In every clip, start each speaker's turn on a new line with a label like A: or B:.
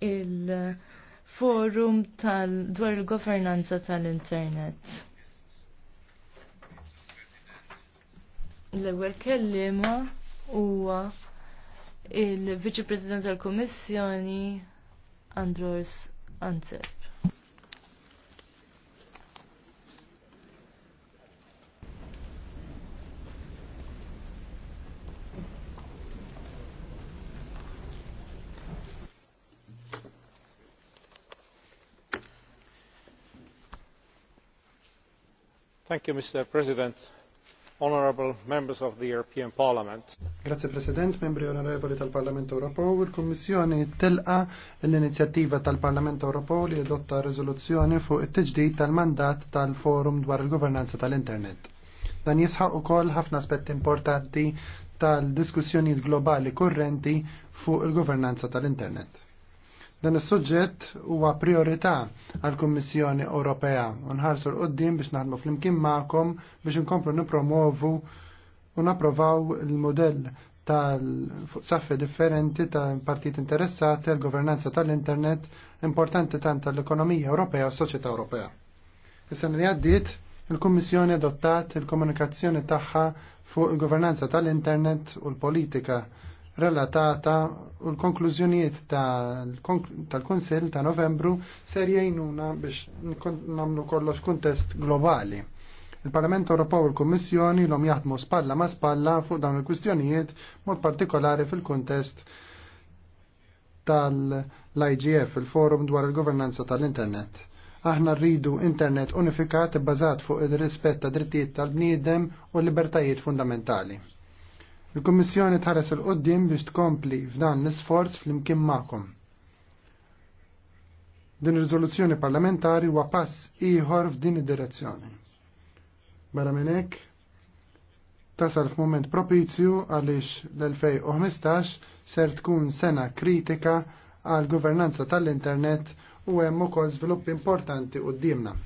A: il-forum tal dwar il-governanza tal-internet. L-ewwel kellima huwa il-Viċi President tal-Kummissjoni Andros Anzep.
B: mr president honourable members of the european parliament
C: grazie president membri onorevoli tal-parlament europeo il-kummissjoni Telqa l-inizjattiva tal-parlament europeo li adotta riżoluzzjoni fuq it-tiġdid tal-mandat tal-forum dwar il-governanza tal-internet dan jisħaq ukoll ħafna aspetti importanti tal-diskussjonijiet globali kurrenti fuq il-governanza tal-internet Dan is-suġġett huwa priorità għall-Kummissjoni Ewropea u nħarsu l-qoddim biex naħdmu flimkien magħkom biex inkomplu nippromovu u napprovaw il-modell tal-saffi differenti ta' partit interessati għal governanza tal-internet importanti tant tal-ekonomija Ewropea u s-soċjetà Ewropea. Is-sena li għaddiet, il-Kummissjoni adottat il-komunikazzjoni tagħha fuq il-governanza tal-internet u l-politika relatata u l-konklużjonijiet tal-Konsil ta' Novembru ser jgħinuna biex namlu kollox kuntest globali. Il-Parlament Ewropew u l-Kummissjoni l-om jaħdmu spalla ma' spalla fuq dawn il-kwistjonijiet mod partikolari fil-kuntest tal-IGF, il-Forum dwar il-Governanza tal-Internet. Aħna rridu internet unifikat bbażat fuq ir-rispett tad drittijiet tal-bniedem u l libertajiet fundamentali. Il-Kummissjoni tħares il-qoddim biex tkompli f'dan l-isforz fl-imkien magħkom. Din ir-riżoluzzjoni parlamentari huwa pass ieħor f'din id-direzzjoni. Barra minn hekk, tasal f'mument propizju għaliex l-2015 ser tkun sena kritika għal governanza tal-internet u hemm ukoll sviluppi importanti qudiemna.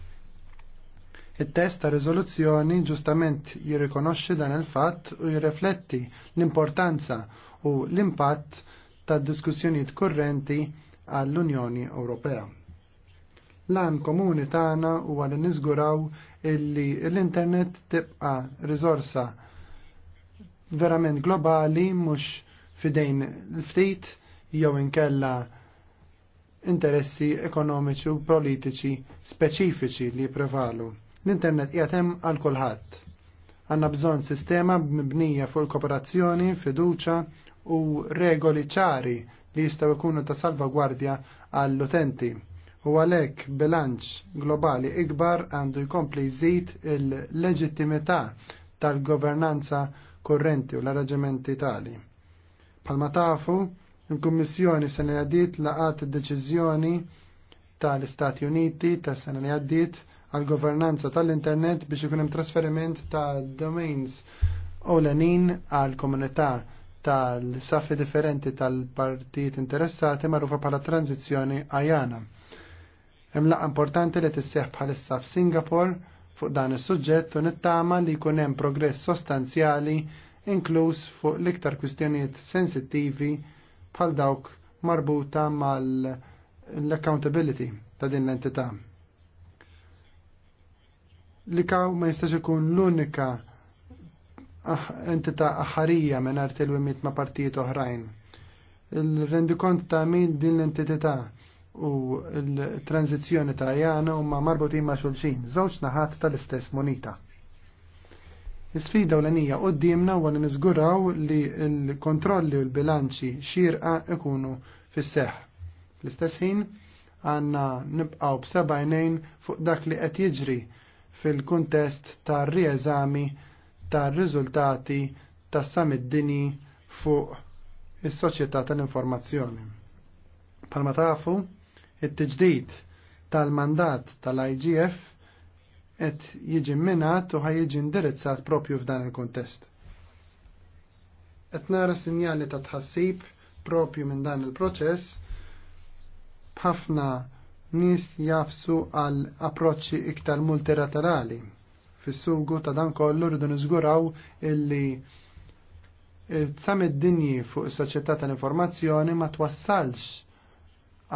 C: Il-test ta' rizoluzzjoni ġustament jirrikonoxxi dan il-fatt u jirrefletti l-importanza u l-impatt ta' diskussjonijiet kurrenti għall-Unjoni Ewropea. l Lan komuni tagħna huwa li nizguraw illi l-internet tibqa' rizorsa verament globali mhux fidejn l-ftit jew inkella interessi ekonomiċi u politiċi speċifiċi li prevalu L-internet jatem hemm għal kulħadd. Għandna bżonn sistema mibnija fuq kooperazzjoni fiduċa u regoli ċari li jistaw jkunu ta' salvagwardja għall-utenti. U għalhekk bilanċ globali ikbar għandu jkompli jżid il-leġittimità tal-governanza korrenti u l-arraġamenti tali. Palma tafu, il-Kummissjoni sena li għaddit laqat id-deċiżjoni tal-Istati Uniti ta' sena li għaddit għal-governanza tal-internet biex ikun hemm trasferiment ta' domains ewlenin għal komunità tal-safi differenti tal-partijiet interessati magħrufa bħala tranzizzjoni għajana. Hemm laqgħa importanti li tisseħħ bħalissa f'Singapore fuq dan is-suġġett u nittama li jkun hemm progress sostanzjali inkluż fuq l-iktar kwistjonijiet sensittivi bħal dawk marbuta mal-accountability ta' din l-entità. Li ka ma jistax ikun l-unika ah, entita' aħarija minn il-wimiet ma' partijiet oħrajn. Il-rendikont ta' min din l-entità u l-tranzizjoni ta' jana u ma' marbutin ma' xulxin, żewġ naħat tal-istess monita. Is-sfida l enija u d-dimna għan nizguraw li l-kontrolli u l-bilanċi xirqa ikunu fis-seħ. Fl-istess ħin, għanna nibqaw b'sebajnejn fuq dak li qed jiġri fil-kuntest tar rieżami tar riżultati tas summit dini fuq is-soċjetà tal-informazzjoni. Palma tafu, it-tiġdid tal-mandat tal-IGF qed jiġi minat u ħaj jiġi indirizzat propju f'dan il-kontest. Qed nara sinjali ta' tħassib propju minn dan il-proċess b'ħafna nis jafsu għal approċċi iktar multilaterali. Fis-sugu ta' dan kollu rridu niżguraw illi samet dinji fuq is-soċjetà tal-informazzjoni ma twassalx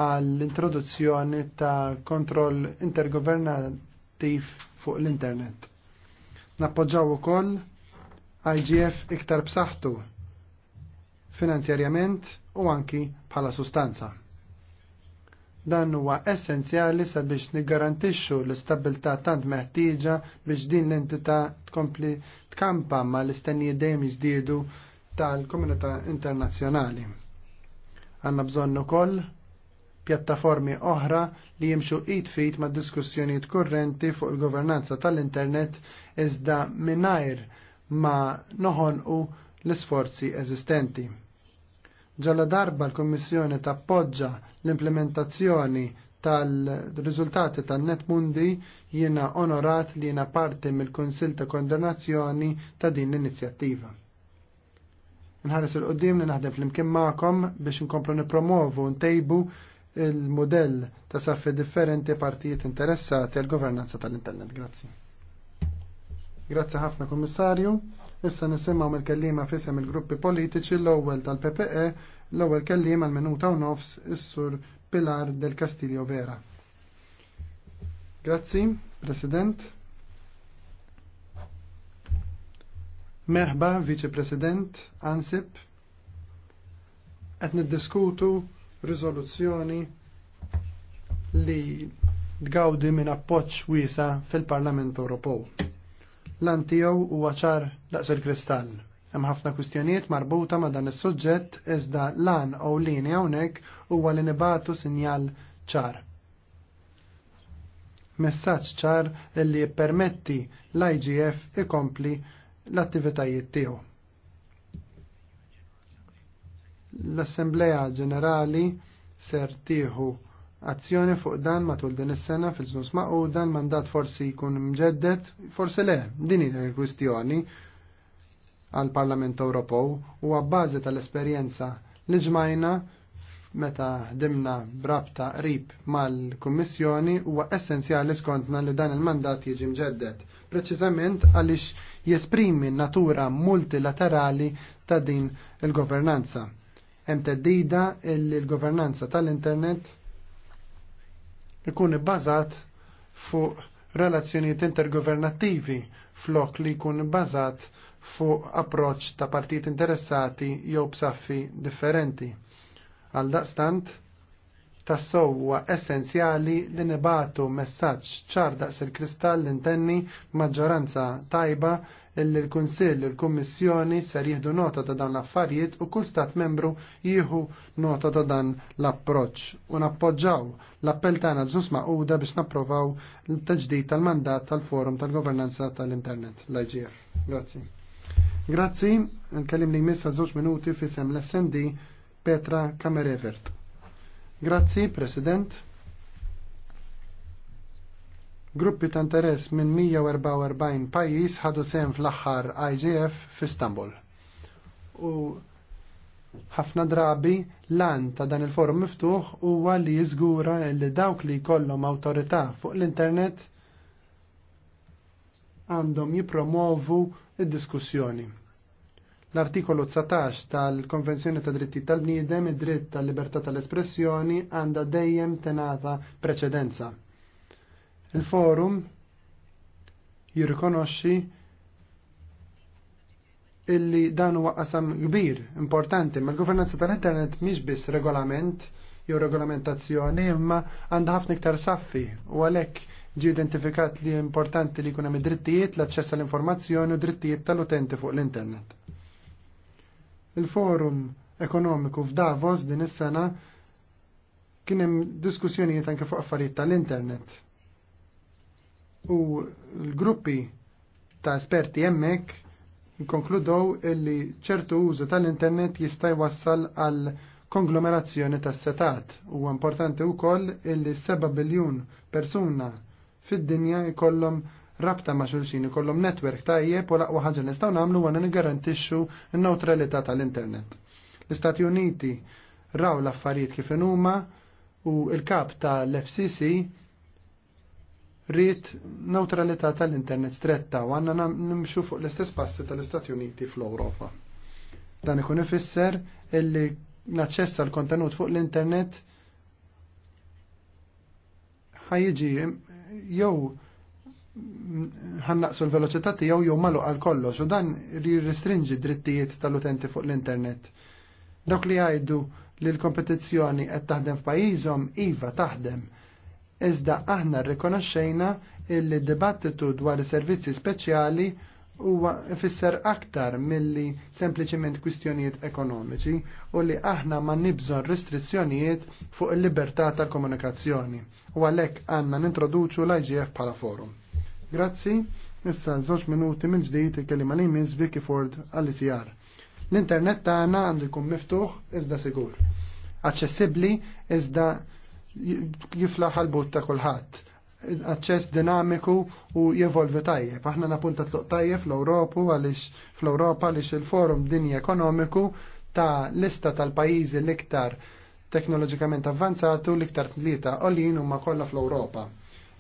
C: għall-introduzzjoni ta' kontroll intergovernativ fuq l-internet. Nappoġġaw ukoll IGF iktar b'saħħtu finanzjarjament u anki bħala sustanza. Dan huwa essenzjali sabiex niggarantixxu l-istabilità tant meħtieġa biex din l-entità tkompli tkampa ma l-istennijiet dejjem jiżdiedu tal-komunità internazzjonali. Għandna bżonn ukoll pjattaformi oħra li jimxu id fit ma' diskussjonijiet kurrenti fuq il-governanza tal-internet iżda mingħajr ma noħonqu l-isforzi eżistenti. Ġala darba l-Kommissjoni tappoġġa l-implementazzjoni tal-riżultati tan-Net Mundi jiena onorat li jiena parti mill-Kunsil ta' kondernazzjoni ta' din l-inizjattiva. Nħares il-qoddim li naħdem fl-imkien magħkom biex nkomplu nipromovu ntejbu il-modell ta' saffi differenti partijiet interessati għal governanza tal-internet. Grazzi. Grazzi ħafna, Kommissarju. Issa nisimaw mill-kellima f'isem il-gruppi politiċi l-ewwel tal-PPE, l-ewwel kellima l-minuta u nofs is-sur Pilar del Castillo Vera. Grazzi, President. Merħba, Vice President, Ansip. Qed niddiskutu riżoluzzjoni li tgawdi minn appoġġ wiesa fil-Parlament Ewropew l antijaw u għaċar daqs il-kristall. Hemm ħafna kwistjonijiet marbuta ma' dan is-suġġett iżda lan u lini hawnhekk huwa li nibatu sinjal ċar. Messaġġ ċar li jippermetti l-IGF ikompli l-attivitajiet tiegħu. L-Assembleja Ġenerali ser tieħu azzjoni fuq dan matul din is-sena fil-żnus u dan mandat forsi jkun mġeddet, forsi le, din hija l-kwistjoni għal Parlament Ewropew u għabbażi tal-esperjenza li ġmajna meta dimna brabta qrib mal-Kummissjoni huwa essenzjali skontna li dan il-mandat jiġi mġeddet, preċiżament għaliex jesprimi natura multilaterali ta' din il-governanza. Hemm teddida il-governanza tal-internet ikun ibbażat fuq relazzjonijiet intergovernattivi flok li jkun ibbażat fuq approċ ta' partit interessati jew b'saffi differenti. Għal daqstant, tassowa essenzjali li nibatu messaġġ ċar daqs il-kristall intenni maġġoranza tajba illi l-Kunsill u l-Kummissjoni ser jieħdu nota ta' dan l-affarijiet u kull stat membru jieħu nota ta' dan l-approċċ u nappoġġaw l-appell tagħna ġus maquda biex napprovaw l-teġdid tal-mandat tal-Forum tal-Governanza tal-Internet l-IGF. Grazzi. Grazzi, nkellim li jmissa żewġ minuti fisem l-SND Petra Kamerevert. Grazzi, President. Gruppi ta' interess minn 144 pajjiż ħadu sem fl-aħħar IGF f'Istanbul. U ħafna drabi l-an ta' dan il-forum miftuħ huwa li jiżgura li dawk li jkollhom awtorità fuq l-internet għandhom jipromovu id-diskussjoni. L-artikolu 19 tal-Konvenzjoni ta' Dritti tal-Bniedem id-dritt tal-libertà tal-espressjoni għandha dejjem tenata preċedenza. Il-forum jirrikonoxxi illi dan huwa qasam kbir, importanti, ma l-governanza tal-internet mhix biss regolament jew regolamentazzjoni imma għandha ħafna iktar saffi u għalhekk ġie identifikat li importanti li jkun hemm id-drittijiet l-aċċess għall-informazzjoni u drittijiet tal-utenti fuq l-internet. Il-forum ekonomiku f'Davos din is-sena kien hemm diskussjonijiet anke fuq affarijiet tal-internet u l-gruppi ta' esperti hemmhekk konkludow illi ċertu użu tal-internet jista' jwassal għal konglomerazzjoni tas setat u importanti wkoll illi 7 biljun persuna fid-dinja jkollhom rabta ma' xulxin ikollhom netwerk tajjeb u laqwa ħaġa nistgħu nagħmlu għandna niggarantixxu n-neutralità tal-internet. L-Istati Uniti raw l-affarijiet kif huma u l-kap tal-FCC rrit neutralità tal-internet stretta u għanna nimxu fuq l-istess passi tal-Istati Uniti fl-Europa. Dan ikun ifisser illi l-aċċess għal kontenut fuq l-internet ħajġi jew ħannaqsu l-veloċità tiegħu jew malu għal kollox u dan jirrestringi drittijiet tal-utenti fuq l-internet. Dawk li jgħidu li l-kompetizzjoni qed taħdem f'pajjiżhom iva taħdem iżda aħna rrikonoxxejna illi dibattitu dwar is-servizzi speċjali huwa ifisser aktar milli sempliċement kwistjonijiet ekonomiċi u li aħna ma nibżon restrizzjonijiet fuq il-libertà ta' komunikazzjoni u għalhekk għandna nintroduċu l-IGF bħala forum. Grazzi, issa żewġ minuti minn ġdid il-kelima li jmiss Vicky Ford għall-ICR. L-internet tagħna għandu jkun miftuħ iżda sigur. Aċċessibbli iżda jifla ħalbut ta' kulħadd. Aċċess dinamiku u jevolvi tajjeb. Aħna napunta tluq tajjeb fl-Ewropu għaliex fl-Ewropa għaliex il-Forum Dinji Ekonomiku ta' lista tal-pajjiżi l-iktar teknoloġikament avvanzatu l-iktar tlieta olin huma kollha fl-Ewropa.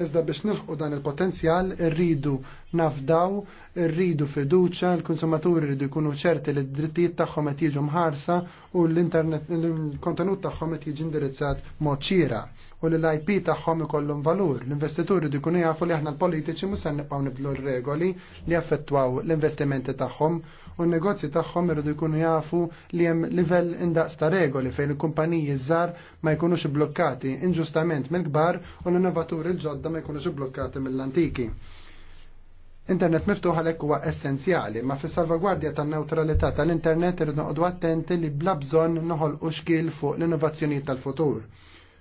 C: Iżda biex nilħu dan il-potenzjal, rridu nafdaw, rridu fiduċa, l-konsumaturi rridu jkunu ċerti li d-drittijiet tagħhom qed jiġu mħarsa u l-kontenut internet tagħhom qed jiġi indirizzat mod ċira u li l-IP tagħhom ikollhom valur. L-investituri rridu jkunu jafu li aħna l-politiċi mhux se nibqgħu nibdlu r-regoli li affettwaw l-investimenti tagħhom u n-negozji tagħhom irridu jkunu jafu li hemm livell indaqs ta' regoli fejn il-kumpaniji żgħar ma jkunux blokkati inġustament mill-kbar u l-innovaturi l-ġodda ma jkunux blokkati mill-antiki. Internet miftuħ għalhekk huwa essenzjali, ma fis salvagwardja tan-newtralità tal-internet irridu noqogħdu attenti li bla bżonn noħolqu xkil fuq l-innovazzjonijiet tal-futur.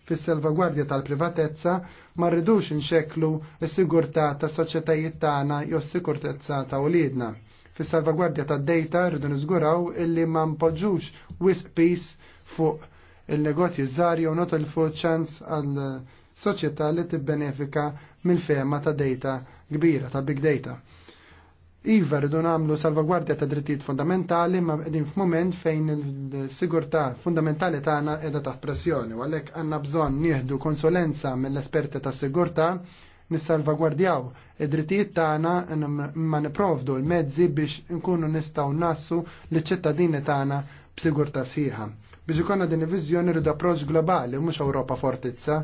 C: Fis-salvagwardja tal-privatezza ma rridux inxeklu s-sigurtà tas-soċjetajiet tagħna jew s-sigurtezza ta' uliedna fis-salvagwardja tad-data rridu niżguraw illi ma npoġġux wisq pis fuq il-negozji żgħar jew notu fuq ċans għal soċjetà li tibbenefika mill-fema ta' data kbira ta' big data. Iva rridu nagħmlu salvagwardja ta' drittijiet fundamentali ma qegħdin f'mument fejn il-sigurtà fundamentali tagħna qiegħda taħt pressjoni u għalhekk għandna bżonn nieħdu konsulenza mill-esperti tas sigurtà nissalvagwardjaw id-drittijiet tagħna ma niprovdu l-mezzi biex nkunu nistgħu nassu l-ċittadini tagħna b'sigurtà sħiħa. Biex ikonna din il-viżjoni rridu approċċ globali mhux Ewropa fortizza,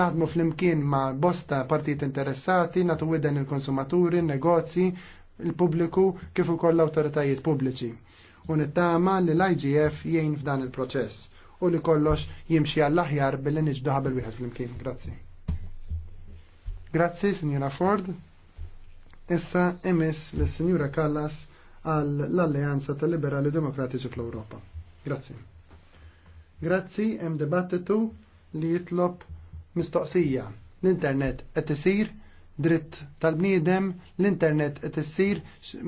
C: naħdmu fl-imkien ma' bosta partit interessati, natu widen il-konsumaturi, negozji, il-pubbliku kif ukoll l-awtoritajiet pubbliċi. U nittama li l-IGF jgħin f'dan il-proċess u li kollox jimxi għall-aħjar billi nġduħa bil-wieħed fl-imkien. Grazzi. Grazzi, Signora Ford. Issa emes l signora Callas għall tra tal-Liberali Demokratiċi fl l'Europa. Grazzi. Grazzi, hemm dibattitu li jitlob mistoqsija. L-internet qed isir dritt tal-bniedem, l-internet qed isir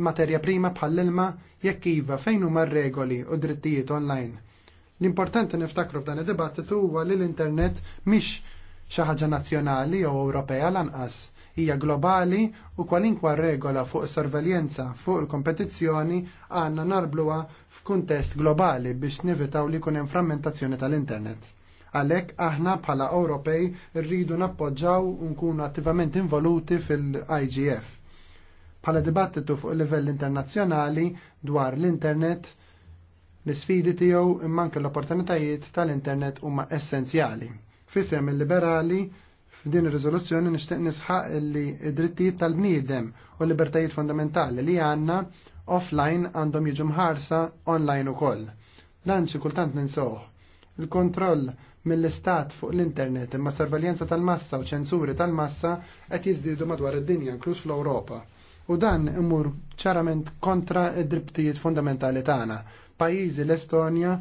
C: materja prima bħall-ilma jekk iva fejn huma regoli u drittijiet online. L-importanti niftakru f'dan id-dibattitu huwa li l-internet mhix xi ħaġa nazzjonali jew Ewropea lanqas hija globali u kwalinkwa regola fuq sorveljenza fuq il-kompetizzjoni għandna narbluha f'kuntest globali biex nivitaw li kun hemm frammentazzjoni tal-internet. Għalhekk aħna bħala Ewropej rridu nappoġġaw u nkunu attivament involuti fil-IGF. Bħala dibattitu fuq livell internazzjonali dwar l-internet l-sfidi tiegħu imma anke l-opportunitajiet tal-internet huma essenzjali. Fisem il-liberali f'din ir-riżoluzzjoni nixtieq nisħaq li d-drittijiet tal-bniedem u l-libertajiet fundamentali li għandna offline għandhom jiġu mħarsa online ukoll. Dan xi kultant ninsoh. Il-kontroll mill-istat fuq l-internet imma sorveljanza tal-massa u ċensuri tal-massa qed jiżdiedu madwar id-dinja inkluż fl-Ewropa. U dan imur ċarament kontra id-drittijiet fundamentali tagħna. Pajjiżi l-Estonja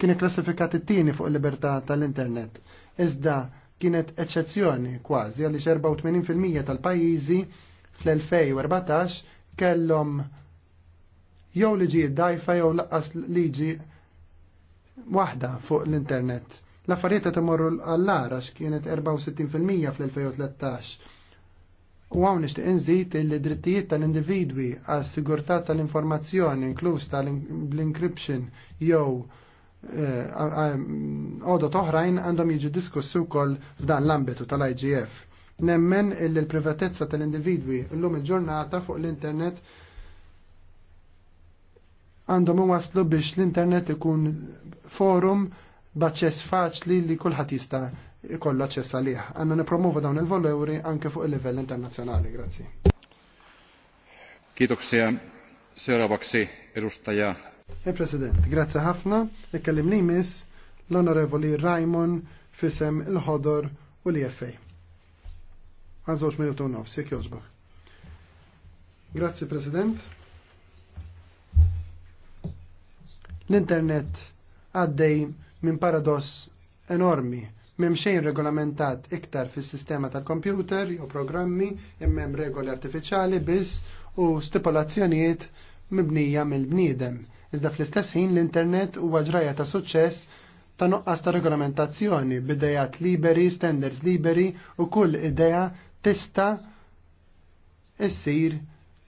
C: kien iklassifikat it-tieni fuq il-libertà tal-internet iżda kienet eċċezzjoni kważi għaliex 84% tal-pajjiżi fl-2014 kellhom jew liġi dajfa jew laqas liġi waħda fuq l-internet. L-affarijiet qed imorru għall-ara x'kienet 64% fl-2013. U għawni nishtiq inżid il-drittijiet tal-individwi għas sigurtà tal-informazzjoni inkluż tal-encryption jew għodu toħrajn għandhom jiġu diskussu kol f'dan l-ambitu tal-IGF. Nemmen l privatezza tal-individwi l-lum il-ġurnata fuq l-internet għandhom waslu biex l-internet ikun forum b'aċċess faċli li kulħadd jista' jkollu aċċess għalih. Għanna nipromuva dawn il-valuri anke fuq il-livell internazzjonali. Grazzi.
B: sera Seuraavaksi irustaja
C: Il-President, eh, grazzi ħafna, ikkellim li miss l-Onorevoli Raimon fisem il-ħodor u l-IFA. Għazawx minutu u nofs, jek joġbaħ. Grazzi, President. L-internet għaddej minn paradoss enormi xejn regolamentat iktar fis sistema tal-kompjuter jew programmi immem regoli artifiċjali biss u stipulazzjonijiet mibnija mill-bniedem Iżda fl-istess ħin l-internet huwa ġraja ta' suċċess ta' nuqqas ta' regolamentazzjoni bidejat liberi, standards liberi u kull idea tista' issir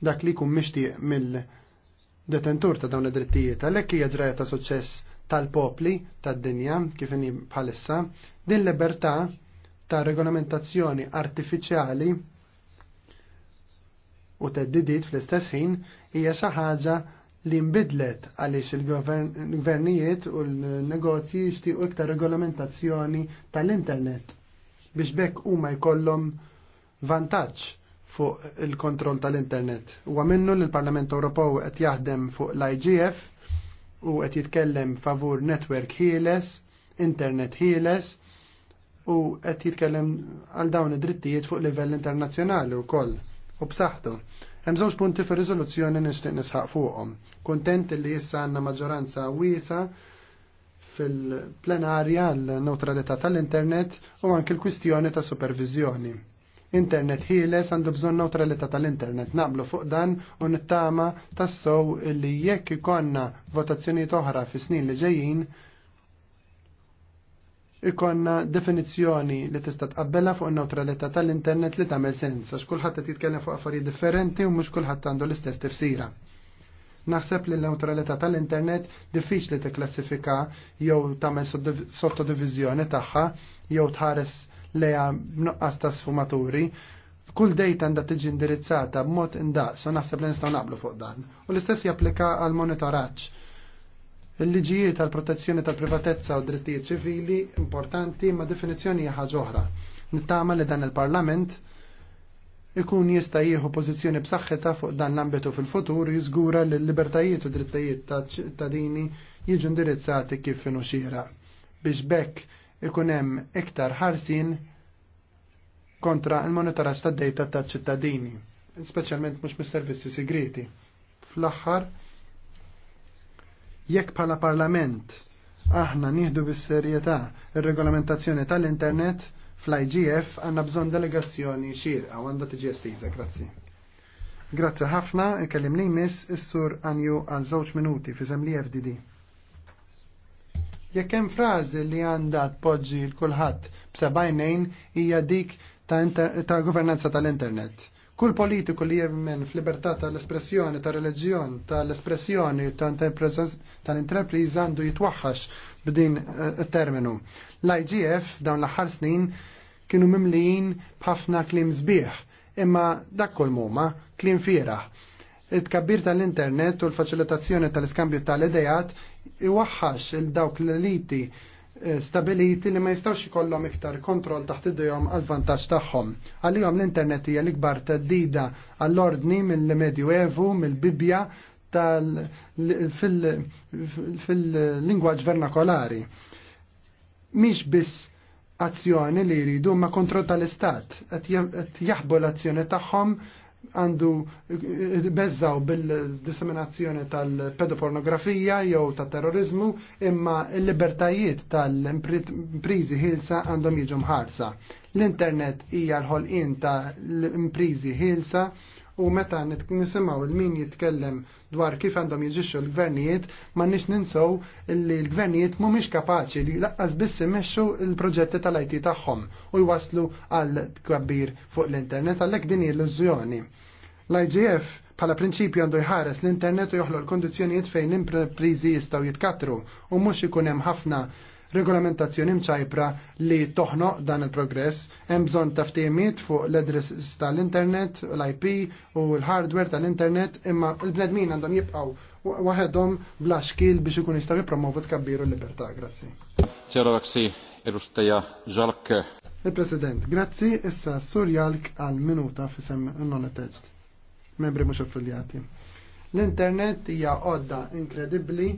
C: dak li jkun mixtieq mill-detentur ta' dawn id-drittijiet. Għalhekk hija ġraja ta' suċċess tal-popli, tad-dinja, kif inhi bħalissa, din libertà ta' regolamentazzjoni artifiċjali u teddidiet fl-istess ħin hija xi ħaġa li nbidlet għaliex il-gvernijiet u l-negozji jixtiequ iktar regolamentazzjoni tal-internet biex bekk huma jkollhom vantaġġ fuq il-kontroll tal-internet. Huwa minnu l-Parlament Ewropew qed jaħdem fuq l-IGF u qed jitkellem favur network ħieles, internet ħieles u qed jitkellem għal dawn id-drittijiet fuq livell internazzjonali wkoll u b'saħħtu. Hemm żewġ punti fir-riżoluzzjoni nixtieq nisħaq fuqhom. Kuntent li issa għandna maġġoranza wiesa fil-plenarja l-neutralità tal-internet u anke l-kwistjoni ta' supervizjoni. Internet ħieles għandu bżonn neutralità tal-internet naqblu fuq dan u nittama tassow li jekk ikonna votazzjoni oħra fis snin li ġejjin ikonna definizzjoni li tista' tqabbela fuq in-neutralità tal-internet li tagħmel sens għax kulħadd qed jitkellem fuq affarijiet differenti u mhux kulħadd għandu l-istess tifsira. Naħseb li l-neutralità tal-internet diffiċli tikklassifika jew tagħmel sottodiviżjoni tagħha jew tħares leja b'nuqqas ta' sfumaturi kull dejta għandha tiġi indirizzata b'mod indaqs u naħseb li nistgħu naqblu fuq dan. U l-istess japplika għal monitoraġġ Il-liġijiet tal protezzjoni tal-privatezza u drittijiet ċivili importanti ma' definizzjoni ħaġa oħra. Nittama li dan il-Parlament ikun jista' jieħu pożizzjoni b'saħħitha fuq dan l-ambitu fil-futur jiżgura li l-libertajiet u drittajiet ta' ċittadini jiġu indirizzati kif finu biex bekk ikun hemm iktar ħarsin kontra l-monitoraġġ tad-dejta ta' ċittadini, speċjalment mhux mis-servizzi segreti. Fl-aħħar Jekk bħala parlament aħna nieħdu bis-serjetà ir-regolamentazzjoni tal-internet fl-IGF għandna bżonn delegazzjoni xierqa u għandha tiġi estiża, grazzi. Grazzi ħafna, ikellim li miss is-sur Anju għal żewġ minuti fi li FDD. Jekk hemm frażi li għandha tpoġġi l kulħadd b'sebajnejn hija dik ta', ta governanza tal-internet Kull politiku li jemmen f'libertà tal-espressjoni, tal-reliġjon, tal-espressjoni, tal-interpriż għandu jitwaħħax b'din eh, terminu. L-IGF dawn l-aħħar snin kienu mimlijin b'ħafna klim sbieħ, imma dak kol muma klim fieraħ. Il-tkabbir tal-internet u l-facilitazzjoni tal-iskambju tal-idejat iwaħħax il-dawk l-eliti Eh, stabiliti li ma jistawx ikollhom iktar kontroll taħt idejhom għal vantaġġ tagħhom. Għalihom l-internet hija l-ikbar teddida għall-ordni mill-Medjuevu, mill-Bibja fil-lingwaġġ vernakolari. Mhix biss azzjoni li jridu ma kontroll tal-istat, qed jaħbu l-azzjoni tagħhom għandu bezzaw bil-disseminazzjoni tal-pedopornografija jew tal terrorizmu imma l-libertajiet tal-imprizi ħilsa għandhom jiġu mħarsa. L-internet hija l-ħolqien ta' l-imprizi ħilsa u meta nisimaw il-min jitkellem dwar kif għandhom jiġixxu l-gvernijiet, ma nix ninsow li l-gvernijiet mumiex kapaċi li laqqas biss immexxu l-proġetti tal-IT tagħhom u jwaslu għal kabbir fuq l-internet għalhekk din illużjoni. L-IGF bħala prinċipju għandu jħares l-internet u joħloq l-kondizzjonijiet fejn l-imprizi jistgħu jitkatru u mhux ikun hemm ħafna regolamentazzjoni mċajpra li toħnoq dan il-progress, hemm bżonn taftimiet fuq l-adress tal-internet, l-IP u l-hardware tal-internet, imma l-bnedmin għandhom jibqgħu waħedhom bla xkil biex ikun jistgħu jippromovu tkabbiru l-libertà. Grazzi.
B: Ċerovaksi, Rusteja Ġalk.
C: Il-President, grazzi issa Sur Jalk għal minuta fisem non attached. Membri mhux affiljati. L-internet hija għodda inkredibbli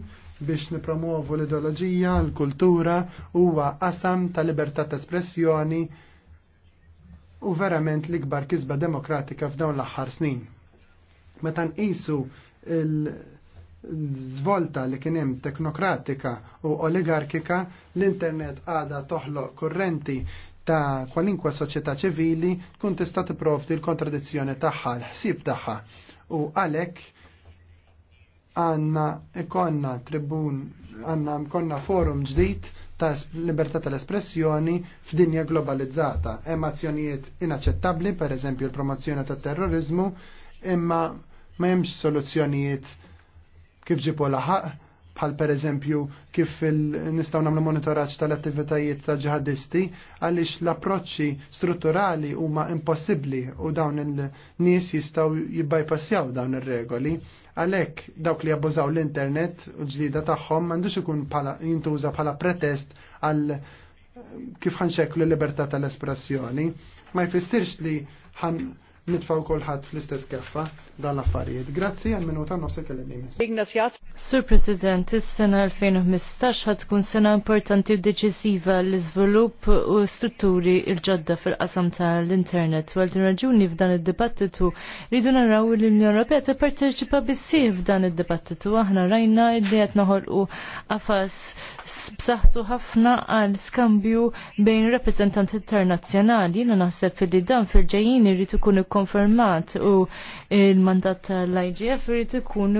C: biex nipromovu l-ideoloġija, l-kultura, huwa qasam ta' libertà ta' espressjoni u verament l-ikbar kisba demokratika f'dawn l-aħħar snin. Meta nqisu l-zvolta li kien hemm teknokratika u oligarkika, l-internet għada toħloq kurrenti ta' kwalinkwa soċjetà ċivili tkun tista' tipprovdi l-kontradizzjoni tagħha, l-ħsieb tagħha. U għalhekk għanna ikonna tribun, għanna ikonna forum ġdid ta' libertà tal-espressjoni f'dinja globalizzata. Hemm azzjonijiet inaċċettabbli, per eżempju l-promozzjoni ta' terrorizmu, imma ma jemx soluzzjonijiet kif ġipu laħaq bħal per eżempju kif nistaw namlu monitoraċ tal-attivitajiet ta' ġihadisti għaliex l-approċċi strutturali huma impossibbli u dawn il-nies jistaw jibbajpassjaw dawn ir-regoli. Għalhekk dawk li jabbużaw l-internet u ġlida tagħhom m'għandux ikun jintuża bħala pretest għal eh, kif ħanxeklu l-libertà tal-espressjoni. Ma jfissirx li nitfaw kolħat fl-istess keffa dan l-affarijiet. Grazzi għal minuta nofse kellim
A: Ignazjat. Sur President, is-sena 2015 ħad tkun sena importanti u deċisiva l-iżvilupp u strutturi il-ġodda fil-qasam tal-internet. Għal din raġuni f'dan id-dibattitu rridu naraw li l-Unjoni Ewropea tipparteċipa bissieħ f'dan id-dibattitu aħna rajna li qed noħolqu qafas b'saħħtu ħafna għal skambju bejn rappreżentanti internazzjonali. Jiena naħseb li dan fil-ġejjin irid ikun konfermat u il-mandat tal-IGF irid ikun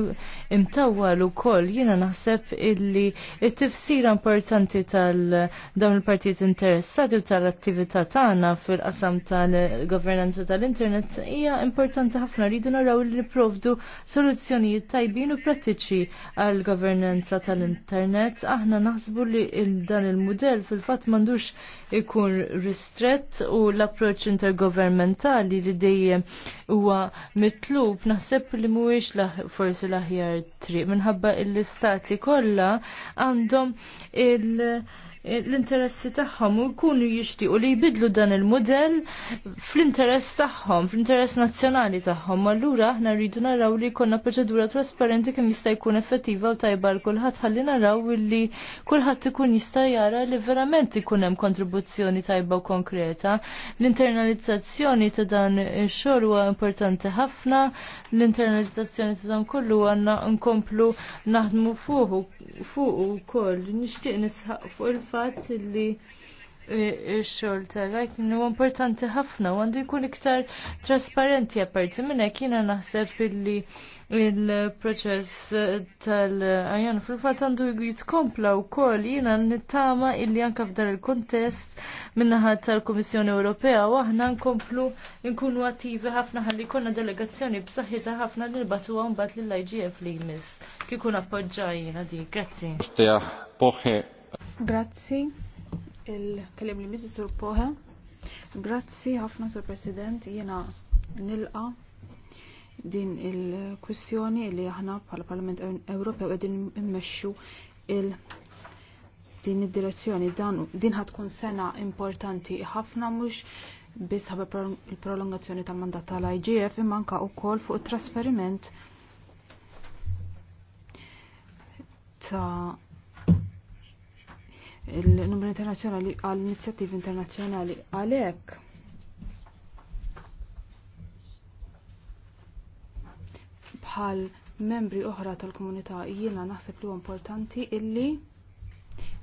A: imtawwal ukoll jiena naħseb illi it-tifsira importanti tal-dawn il-partijiet interessati u tal-attività tagħna fil-qasam tal-governanza tal-internet hija importanti ħafna rridu naraw li niprovdu soluzzjonijiet tajbin u prattiċi għal-governanza tal-internet aħna naħsbu li dan il-mudell fil-fatt mandux ikun ristrett u l-approċ intergovernmentali li dejjem li huwa mitlub naħseb li mhuwiex forsi l-aħjar triq minħabba l-istati kollha għandhom il- l-interessi tagħhom u jkunu jixtiequ li jbidlu dan il-modell fl-interess tagħhom, fl-interess nazzjonali tagħhom. Allura aħna rridu naraw li jkollna proċedura trasparenti kemm jista' jkun effettiva u tajba l kulħadd ħalli naraw li kulħadd ikun jista' jara li verament ikun hemm kontribuzzjoni tajba u konkreta. L-internalizzazzjoni ta' dan ix-xogħol huwa importanti ħafna, l-internalizzazzjoni ta' dan kollu għandna nkomplu naħdmu fuq fuq ukoll. Nixtieq nisħaq fuq il fatt li e, il-xol tal-għak minnu importanti ħafna u għandu jkun iktar trasparenti għaparti minna kina naħseb li il-proċess tal-għajan fil-fat għandu jitkompla u kol jina nittama illi anka f'dar il-kontest minnaħat tal-Komissjoni Ewropea u aħna nkomplu nkunu attivi ħafna ħalli konna delegazzjoni b'saħħitha ħafna nil-batu għambat l-IGF li jmiss kikun appoġġajina di. Grazzi.
D: Grazzi, il-kelim li mizi sur poħe. Grazzi ħafna sur President, jena nilqa din il-kwistjoni li aħna bħala Parlament Ewropew qegħdin immexxu il din id-direzzjoni dan din ħatkun sena importanti ħafna mhux biss ħabeb il-prolongazzjoni ta' mandat tal-IGF imma anke wkoll fuq it-trasferiment ta' il-numru internazzjonali għall-inizjattivi internazzjonali għalhekk bħal membri oħra tal-komunità jiena naħseb li huwa importanti illi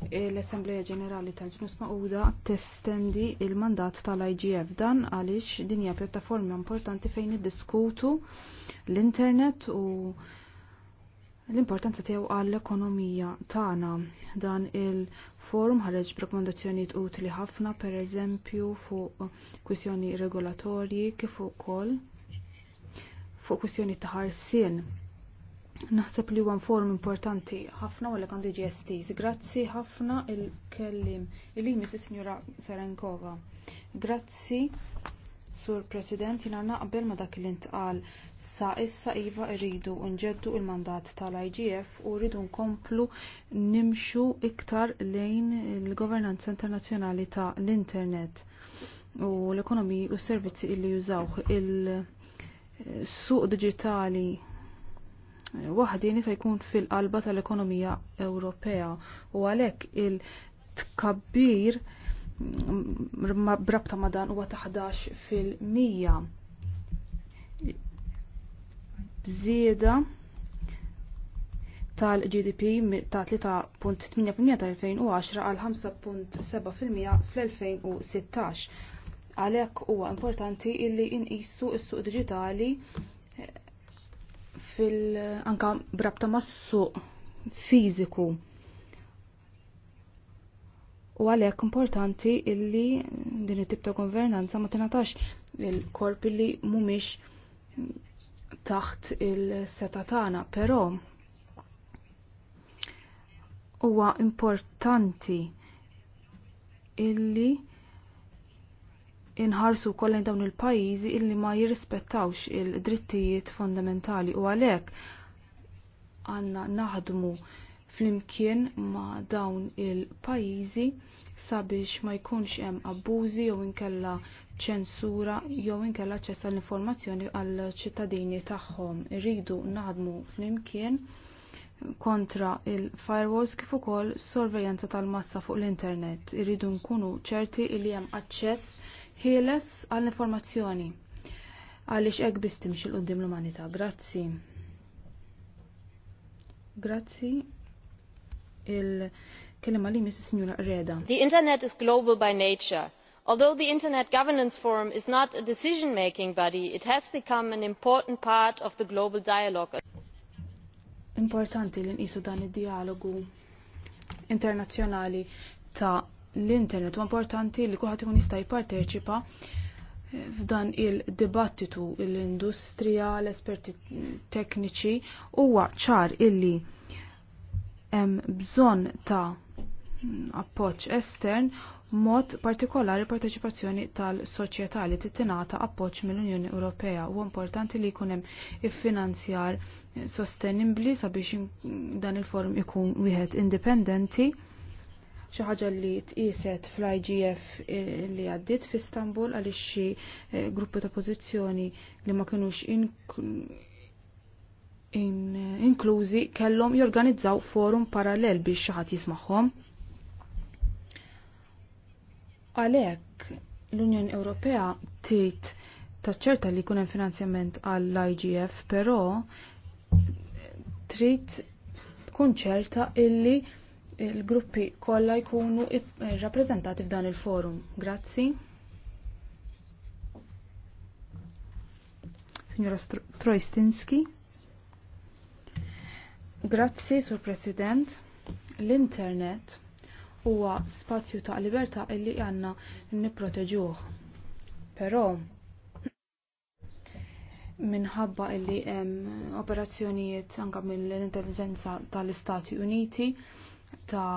D: l-Assembleja Ġenerali tal-Ġnus Maquda testendi il-mandat tal-IGF dan għaliex din hija pjattaforma importanti fejn iddiskutu l-internet u l-importanza tiegħu għall-ekonomija tagħna dan il forum ħareġ rekomendazzjonijiet utli ħafna per eżempju fuq kwistjoni regolatorji kif ukoll fuq kwistjoni ta' ħarsien. Naħseb li huwa forum importanti ħafna u għandu GSTs. Grazzi ħafna il-kellim il-limis is Signora Serenkova. Grazzi. Sur President, jina naqbel ma dak li ntqal sa issa iva rridu nġeddu il-mandat tal-IGF u rridu nkomplu nimxu iktar lejn il-governanza internazzjonali ta' l-internet u l-ekonomi u s-servizzi illi jużawh il-suq digitali waħdini se jkun fil-qalba tal-ekonomija Ewropea u għalhekk il-tkabbir il tkabbir brabta ma dan huwa taħdax fil-mija. Bżieda tal-GDP ta' 3.8% tal-2010 għal 5.7% fl-2016. Għalhekk huwa importanti illi inqisu s-suq diġitali eh, fil-anka brabta mas-suq fiżiku U għalhekk importanti illi din it-tip ta' konvernanza ma tingħatax il-korpi li mhumiex taħt il-seta tagħna, però huwa importanti illi inħarsu kollin dawn il-pajjiżi illi ma jirrispettawx il-drittijiet fondamentali u għalhekk għandna naħdmu flimkien ma' dawn il-pajjiżi sabiex ma jkunx hemm abbużi jew inkella ċensura jew inkella ċess l-informazzjoni għall ċittadini tagħhom. Irridu naħdmu flimkien kontra il-firewalls kif ukoll sorveljanza tal-massa fuq l-internet. Irridu nkunu ċerti li hemm aċċess ħieles għall informazzjoni għaliex hekk biss timxi l qudiem l-umanità. Grazzi. Grazzi
E: il-kelma
D: li mis signora Reda.
E: The Internet is global by nature. Although the Internet Governance Forum is not a decision-making body, it has become an important
A: part of the global dialogue.
D: Importanti li nqisu dan id-dialogu internazzjonali ta' l-internet u importanti li kuħat ikun jista' jipparteċipa f'dan il-dibattitu l-industrija, l-esperti tekniċi huwa ċar illi hemm bżonn ta' appoġġ estern mod partikolari parteċipazzjoni tal-soċjetà li titinata appoġġ mill-Unjoni Ewropea u importanti li jkun hemm iffinanzjar sostenibbli sabiex dan il-forum ikun wieħed indipendenti xi ħaġa li tqiset fl-IGF eh, li għaddiet f'Istanbul għaliex xi eh, gruppi ta' pożizzjoni li ma kinux inklużi kellhom jorganizzaw forum parallel biex xi ħadd jismagħhom. Għalhekk l-Unjoni Ewropea trid taċċerta li jkun hemm finanzjament għall-IGF, però trid tkun ċerta illi il-gruppi kollha jkunu rappreżentati f'dan il-forum. Grazzi. Signora Trojstinski. Grazzi, Sur President. L-internet huwa spazju ta' libertà illi għanna nipproteġuh. Però minħabba illi em, operazzjonijiet anka mill-intelligenza tal-Istati Uniti ta'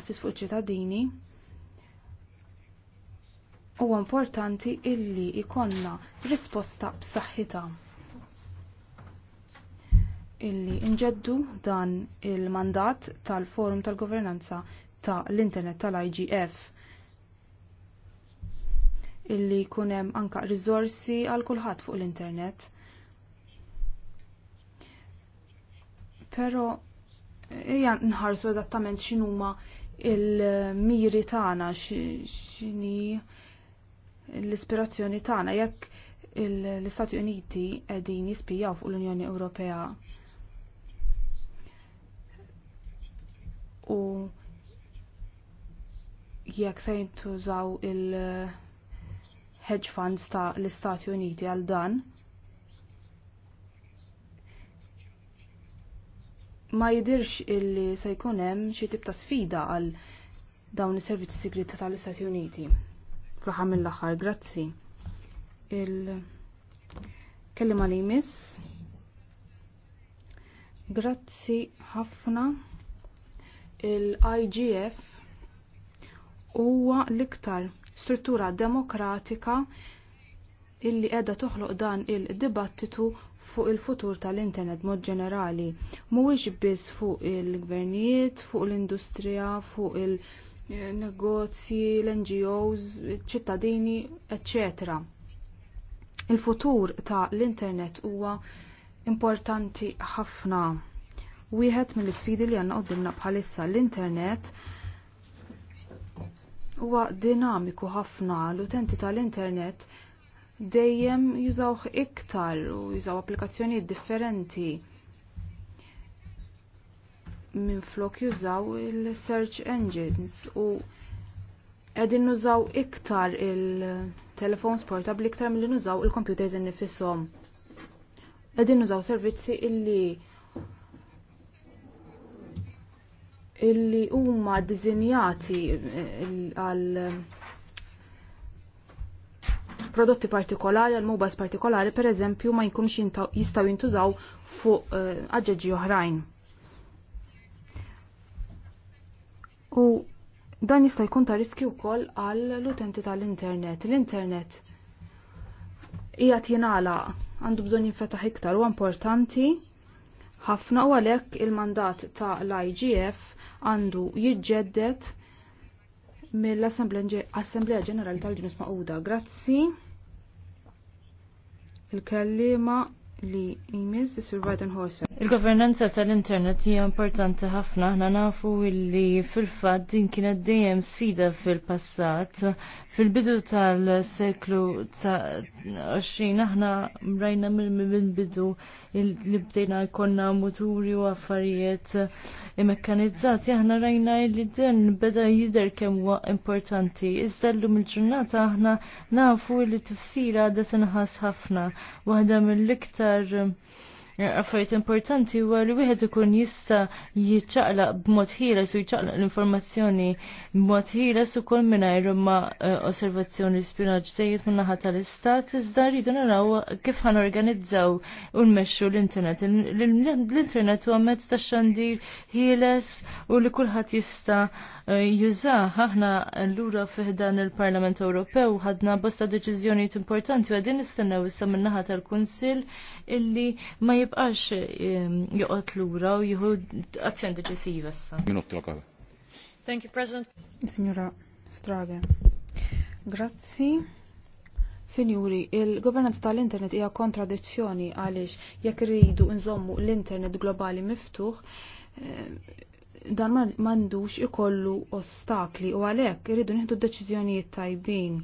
D: assis fuq ċittadini huwa importanti illi ikonna risposta b'saħħitha illi nġeddu dan il-mandat tal-Forum tal-Governanza ta' l-Internet tal-IGF illi kunem anka rizorsi għal kulħadd fuq l-internet. Pero hija nħarsu eżattament x'inhuma il-miri tagħna x'inhi l-ispirazzjoni tagħna jekk l-Istati Uniti qegħdin jispijaw fuq l-Unjoni Ewropea u jekk se jintużaw il-hedge funds ta' l-Istati Uniti għal dan. Ma jidirx illi se jkun hemm xi tip ta' sfida għal dawn is-servizzi segreti tal-Istati Uniti. fl mill-aħħar, grazzi. Il kellima li jmiss. Grazzi ħafna il-IGF huwa l-iktar struttura demokratika illi qiegħda toħloq dan il-dibattitu fuq il-futur tal-internet mod ġenerali. Mhuwiex biss fuq il-gvernijiet, fuq l-industrija, fuq il-negozji, l-NGOs, ċittadini, etc. Il-futur tal-internet huwa importanti ħafna. Wieħed mill-isfidi li għandna qoddimna bħalissa l-internet huwa dinamiku ħafna l-utenti tal-internet dejjem jużawh iktar u jużaw applikazzjonijiet differenti minn flok jużaw il-search engines u għedin nużaw iktar il-telefons portabli iktar mill nużaw il-computers nifisom. Għedin nużaw servizzi illi illi huma dizinjati eh, għal prodotti partikolari għal mubas partikolari per eżempju ma jkunx jistaw jintużaw fuq uh, eh, aġġeġi oħrajn. U dan jista' jkun ta' riskju wkoll għal l-utenti tal-internet. L-internet hija jingħala għandu bżonn jinfetaħ iktar u importanti ħafna u għalhekk il-mandat ta' l-IGF għandu jidġeddet mill-Assemblea Ġenerali tal-Ġnus Maquda. Grazzi. Il-kellima li jmiss Survivor nħosa.
A: Il-governanza tal-internet hija importanti ħafna, ħna nafu li fil-fatt din kienet dejjem sfida fil-passat. Fil-bidu tal-seklu 20 aħna rajna mill-bidu li bdejna jkollna muturi u affarijiet mekkanizzati aħna rajna li din beda jidher kemm huwa importanti. Iżda llum il-ġurnata aħna nafu li tifsira għadha tinħass ħafna. Waħda mill-iktar iktar affarijiet importanti huwa li wieħed ikun jista' jiċċaqlaq b'mod ħieles u jiċċaqlaq l-informazzjoni b'mod ħieles ukoll mingħajr ma eh, osservazzjoni spinaġ żejjed minn naħa tal-istat iżda rridu naraw kif ħan organizzaw u nmexxu l-internet. L-internet huwa mezz ta' xandir ħieles u li kulħadd jista' eh, jużah. Aħna lura fih dan il-Parlament Ewropew ħadna bosta deċiżjonijiet importanti u għadin nistennew issa min naħa tal-Kunsill illi ma jibqax ehm, joqgħod lura u jieħu azzjoni deċisiva issa.
B: Minutti
D: Thank you, President. Signora Strage. Grazzi. Sinjuri, il-governanza tal-internet hija kontradizzjoni għaliex jekk rridu nżommu l-internet globali miftuħ, ehm, dan m'għandux ikollu ostakli u għalhekk iridu nieħdu deċiżjonijiet tajbin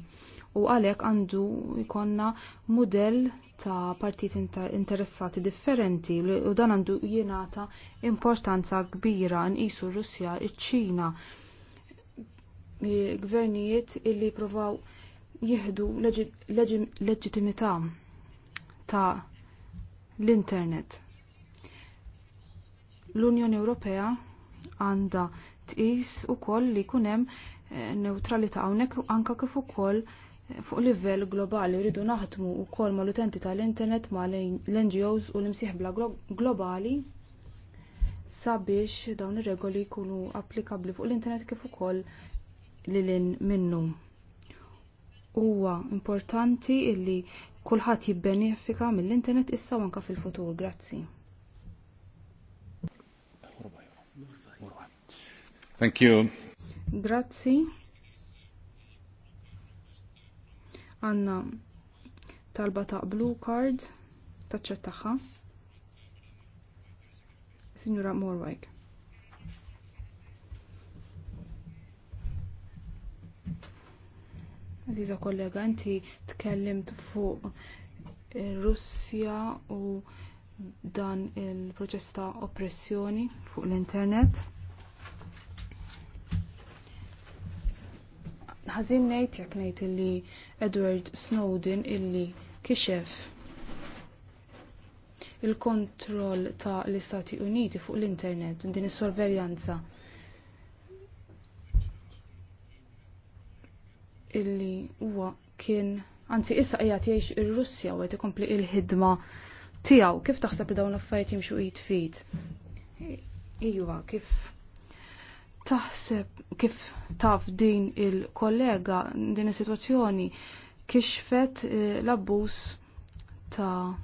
D: u għalhekk għandu jkollna mudell ta' partit interessati differenti u dan għandu jenata importanza kbira nqisu Russja iċ-Ċina gvernijiet illi provaw jihdu leġitimità ta' l-internet. L-Unjoni Ewropea għanda tqis ukoll li kunem eh, neutralità hawnhekk anka kif ukoll koll fuq livell globali rridu naħdmu wkoll mal-utenti tal-internet ma l-NGOs u l bla globali sabiex dawn ir-regoli jkunu applikabbli fuq l-internet kif ukoll lilin minnu. Huwa importanti illi kulħadd jibbenefika mill-internet issa u anke fil-futur. Grazzi. Thank you. Grazzi. Għanna talba ta' blue card taċċettaħħa. Signora Morwijk. Aziza kollega, inti tkellimt fuq Russja u dan il-proċess ta' oppressjoni fuq l-internet. ħazin ngħid jekk ngħid illi Edward Snowden illi kixef il-kontroll ta' l-Istati Uniti fuq l-internet din is-sorveljanza illi huwa kien anzi issa qiegħed jgħix ir-Russja u qed ikompli il-ħidma tiegħu kif taħseb li dawn l-affarijiet jimxu jitfit? Iva, kif taħseb kif taf din il-kollega din is-sitwazzjoni kixfet eh, l-abbuż ta'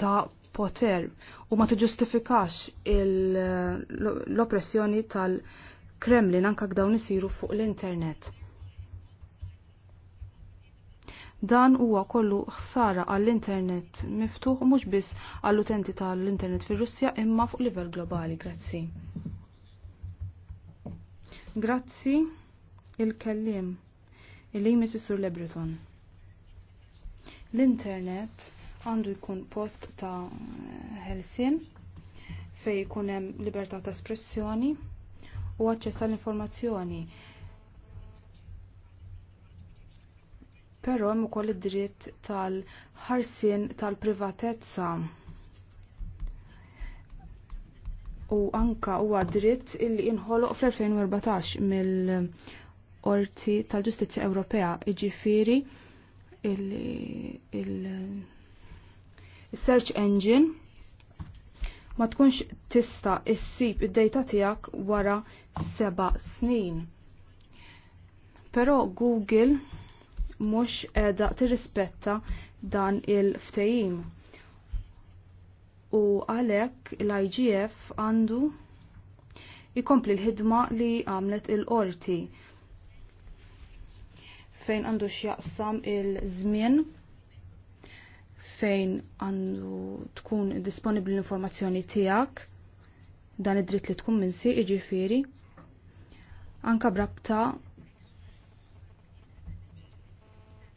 D: ta' poter u ma tiġustifikax l-oppressjoni tal-Kremlin anka dawn isiru fuq l-internet. Dan huwa kollu ħsara għall-internet miftuħ mhux biss għall-utenti tal-internet fir-Russja imma fuq livell globali. Grazzi. Grazzi il-kellim il-li Sur Lebreton. L-internet għandu jkun post ta' Helsin fej jkun hemm libertà ta' espressjoni u aċċess tal-informazzjoni però hemm ukoll id-dritt tal-ħarsien tal-privatezza. U anka huwa dritt illi inħoloq fl-2014 mill-Qorti tal-Ġustizzja Ewropea, iġifieri il-search engine ma tkunx tista issib id-dejta tiegħek wara seba' snin. Però Google mhux qiegħda tirrispetta dan il-ftehim. U għalhekk l-IGF għandu jkompli l-ħidma li għamlet il-qorti fejn għandu x'jaqsam il-żmien fejn għandu tkun disponibli l-informazzjoni tijak, dan id-dritt li tkun minsi, iġifiri, anka brabta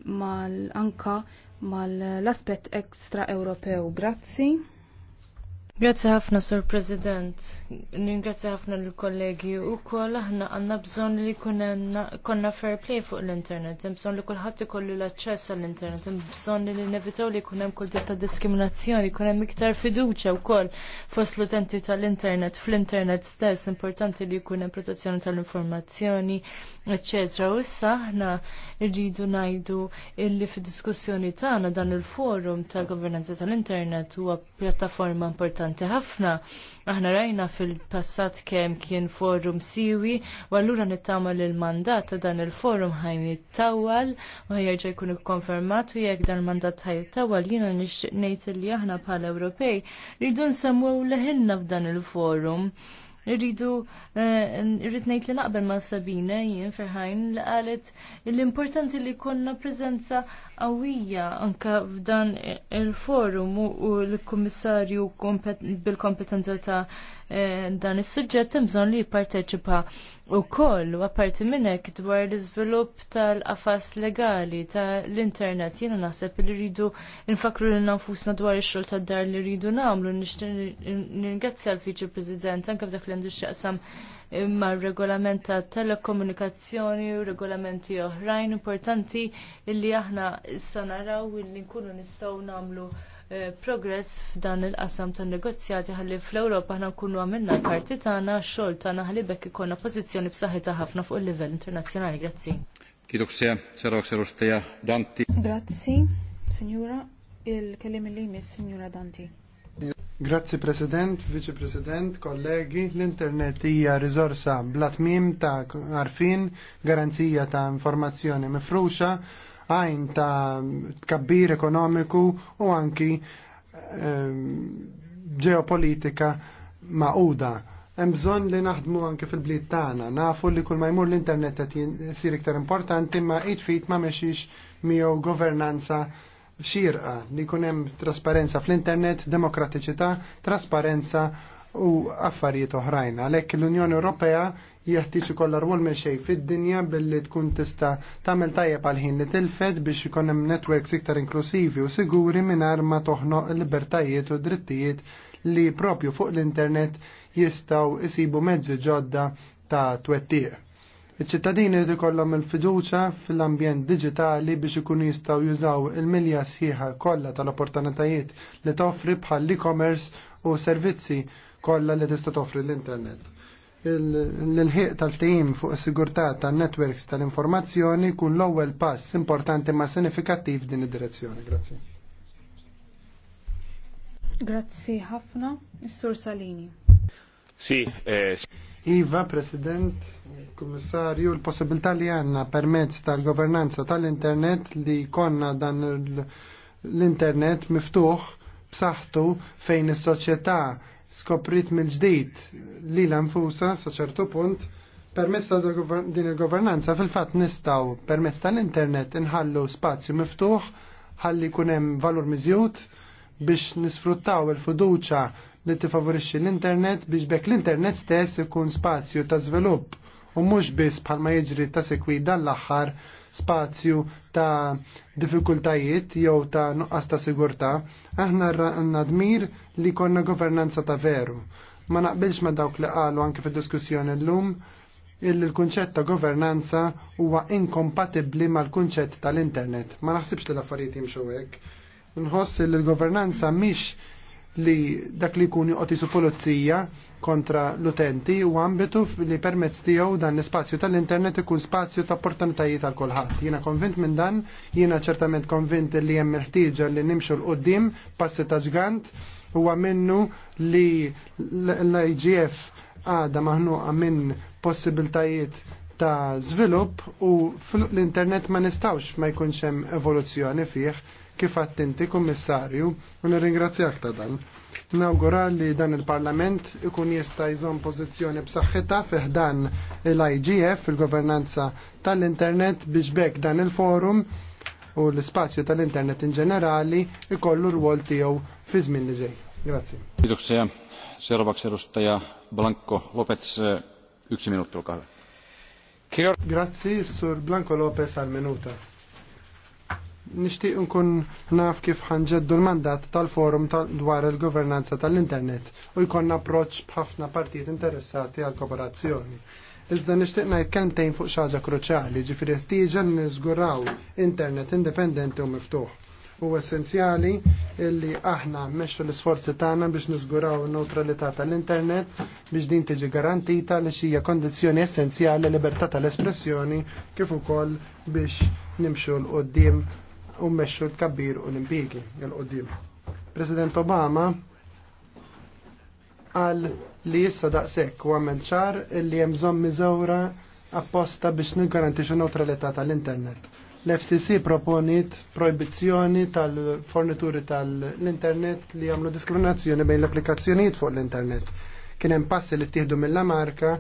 D: mal anka mal-aspett
A: ekstra Ewropew. Grazzi. Grazie ħafna, Sur President. Ningrazie ħafna l-kollegi. U koll aħna għanna bżon li konna fair play fuq l-internet. Bżon li kullħat ikollu l-access għall-internet. Bżon li nevitaw li kunem kull ta' diskriminazzjoni, kunem iktar fiduċa u koll fost l-utenti tal-internet, fl-internet stess, importanti li kunem protezzjoni tal-informazzjoni, eccetera. U issa aħna rridu najdu illi fi diskussjoni tagħna dan il-forum tal-governanza tal-internet huwa pjattaforma importanti importanti ħafna. Aħna rajna fil-passat kemm kien forum siwi, u allura nittama il l-mandat ta' dan il-forum ħajn jittawal u ħajja jkun ikkonfermat u jekk dan il-mandat ħaj jittawal jiena nixtieq ngħid li aħna pal Ewropej rridu nsemmu leħinna f'dan il-forum. Irridu eh, irrid ngħid li naqbel ma' Sabina jien ferħajn li qalet l-importanti li konna preżenza qawwija anke f'dan il-forum u l-kummissarju bil-kompetenza ta' Eh, dan is-suġġett hemm bżonn li jipparteċipa wkoll u apparti minn hekk dwar l-iżvilupp tal-qafas legali tal-internet jiena naħseb li rridu nfakru lil nafusna dwar ix-xogħol tad-dar li rridu nagħmlu nixtieq ningrazzja l fiċi President anke f'dak li għandu x'jaqsam eh, ma regolament ta' telekomunikazzjoni u regolamenti oħrajn importanti illi aħna s naraw illi nkunu nistgħu nagħmlu Eh, progress f'dan il-qasam tan negozjati ħalli fl-Ewropa ħna nkunu għamilna parti tagħna xogħol tagħna ħalli bekk ikollna pożizzjoni b'saħħitha ħafna fuq il-livell internazzjonali. Grazzi.
B: Kiitoksia, seuraavaksi edustaja Danti.
A: Grazzi, signora,
D: il-kellim li mis, signora Danti.
C: Grazzi President, Vice President, kollegi, l-Internet hija rizorsa bla tmiem ta' arfin, garanzija ta' informazzjoni mifruxa, għajn ta' tkabbir ekonomiku u anki ehm, ġeopolitika maquda. Hemm bżonn li naħdmu anke fil-bliet tagħna, nafu li kull ma jmur l-internet qed jsir iktar importanti ma qid fit ma mexiex miegħu governanza xirqa li jkun hemm trasparenza fl-internet, demokratiċità, trasparenza u affarijiet oħrajn. Għalhekk l-Unjoni Ewropea jeħtieġ ikoll rwol minn xejn fid-dinja billi tkun tista' tagħmel tajjeb għal ħin li tilfed biex ikun hemm netwerks iktar inklusivi u siguri mingħajr ma toħnoq il libertajiet u drittijiet li propju fuq l-internet jistgħu isibu mezzi ġodda ta' twettieq. Iċ-ċittadini jrid ikollhom il-fiduċa fil-ambjent diġitali biex ikunu jistgħu jużaw il-milja sħiħa kollha tal-opportunitajiet li toffri bħall e commerce u servizzi kollha li tista' toffri l-internet. l ħiq tal-ftehim fuq is-sigurtà tan-networks tal-informazzjoni kun l-ewwel pass importanti ma' sinifikattiv din id-direzzjoni. Grazzi.
D: Grazzi ħafna, sur Salini.
B: Si,
C: eh, Iva, President, Kummissarju, l-possibilità li għanna permezz tal-governanza tal-internet li konna dan l-internet miftuħ b'saħħtu fejn is-soċjetà skoprit mill-ġdid li l-anfusa sa ċertu punt permezz ta' din il-governanza fil-fatt nistaw permezz tal-internet inħallu spazju miftuħ ħalli kun hemm valur miżjud biex nisfruttaw il-fiduċa li tifavorixxi l-internet biex bekk l-internet stess ikun spazju ta' żvilupp u mhux biss bħalma jiġri ta' sekwi dan l-aħħar spazju ta' difikultajiet jew ta' nuqqas ta' sigurtà, aħna nadmir li konna governanza ta' veru. Ma naqbilx ma' dawk li qalu anke fid-diskussjoni llum illi l-kunċett ta' governanza huwa inkompatibbli mal-kunċett tal-internet. Ma naħsibx li l-affarijiet jimxu hekk. Nħoss li l-governanza mhix li dak li kun joqgħod isu pulizija kontra l-utenti u ambitu li permezz tiegħu dan l-ispazju tal-internet ikun spazju ta' opportunitajiet għal kulħadd. Jiena konvint minn dan, jiena ċertament konvint li hemm il-ħtieġa li nimxu l-qudiem passi ta' ġgant huwa minnu li l-IGF għada maħnuqa minn possibiltajiet ta' żvilupp u l-internet ma nistawx ma jkunx hemm evoluzzjoni fih kif attinti kummissarju u nirringrazzjak ta' dan. Nawgura li dan il-Parlament ikun jista' jżomm pożizzjoni b'saħħitha fih dan l-IGF, il-Governanza tal-Internet biex bekk dan il-forum u l-spazju tal-internet in ġenerali ikollu r-wol tiegħu fi żmien li ġej. Grazzi.
B: Kiitoksia. Seuraavaksi edustaja Blanco Lopez, eh, yksi minuutti, olkaa
C: Grazzi, sur Blanco Lopez al minuta nixtieq nkun naf kif ħanġeddu l-mandat tal-forum dwar il-governanza tal-internet u jkonna approċċ b'ħafna partijiet interessati għal kooperazzjoni. Iżda nixtieq ngħid kentejn fuq xaġa kruċjali, ġifieri ħtieġa niżguraw internet indipendenti u miftuħ. U essenzjali illi aħna mmexxu l-isforzi tagħna biex niżguraw neutralità tal-internet biex din tiġi garantita li xija kondizzjoni essenzjali libertà tal-espressjoni kif ukoll biex nimxu l-qoddim u mmexxu l-kabbir u l-impjiegi l-qoddim. President Obama qal li issa daqshekk u għamel ċar li hemm bżonn miżewra apposta biex niggarantixxu neutralità tal-internet. L-FCC proponit proibizzjoni tal-fornituri tal-internet li jagħmlu diskriminazzjoni bejn l-applikazzjonijiet fuq l-internet. Kien hemm passi li ttieħdu mill amarka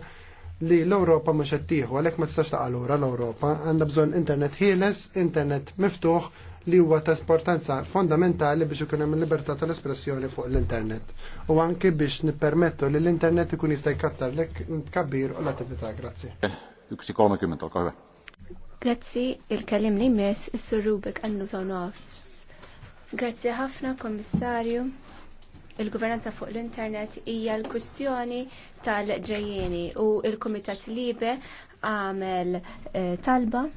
C: li l-Ewropa mhux qed tieħu għalhekk ma tistax taqalura l-Ewropa għandha bżonn internet ħieles, internet miftuħ li huwa ta' importanza fondamentali biex ikun hemm libertà tal-espressjoni fuq l-internet u anke biex nippermettu li l-internet ikun jista' jkattar lek tkabbir u l-attività. Grazzi.
E: Grazzi il-kelim li mess is-Sur Rubik għannu nofs. Grazzi ħafna, Kommissarju il-governanza fuq l-internet hija l kwestjoni tal-ġejjeni u il-Kumitat Libe għamel eh, talba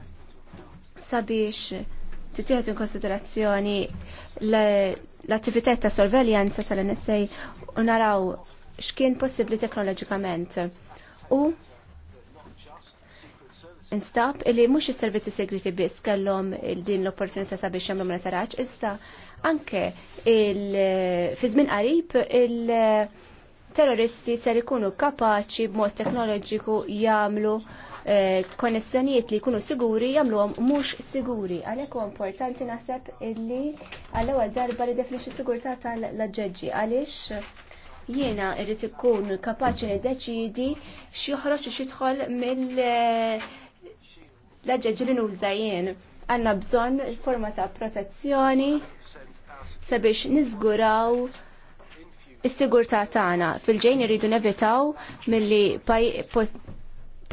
E: sabiex titieħed in konsiderazzjoni l-attivitajiet ta' sorveljanza tal-NSA u naraw x'kien possibbli teknoloġikament. U instab illi mhux is-servizzi segreti biss kellhom din l-opportunità sabiex jagħmlu monitoraġġ, issa anke fi żmien qarib il-terroristi ser ikunu kapaċi b'mod teknoloġiku jagħmlu Eh, konnessjonijiet li jkunu siguri jagħmluhom mhux siguri. Għalhekk huwa importanti naħseb illi għall-ewwel darba li definixxi sigurtà tal-ġeġġi għaliex jiena rrid ikun kapaċi niddeċiedi x'joħroġ u x'idħol mill l li nuża jien. Għandna bżonn forma ta' protezzjoni sabiex niżguraw is-sigurtà tagħna. Fil-ġejn irridu nevitaw milli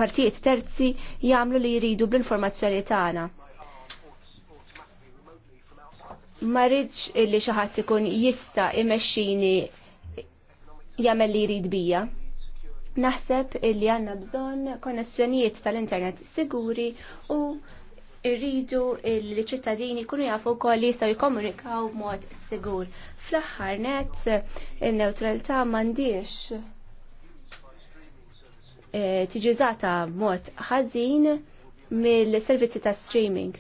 E: partijiet terzi jagħmlu li jridu bl-informazzjoni tagħna. Ma rridx illi xi ħadd ikun jista' imexxini jagħmel li jrid bija. Naħseb illi għandna bżonn konnessjonijiet tal-internet siguri u irridu il-ċittadini kunu jafu wkoll li jistgħu jikkomunikaw b'mod sigur. Fl-aħħar net in mandiex. m'għandix Eh, tiġi użata mod ħażin mill-servizzi ta' streaming.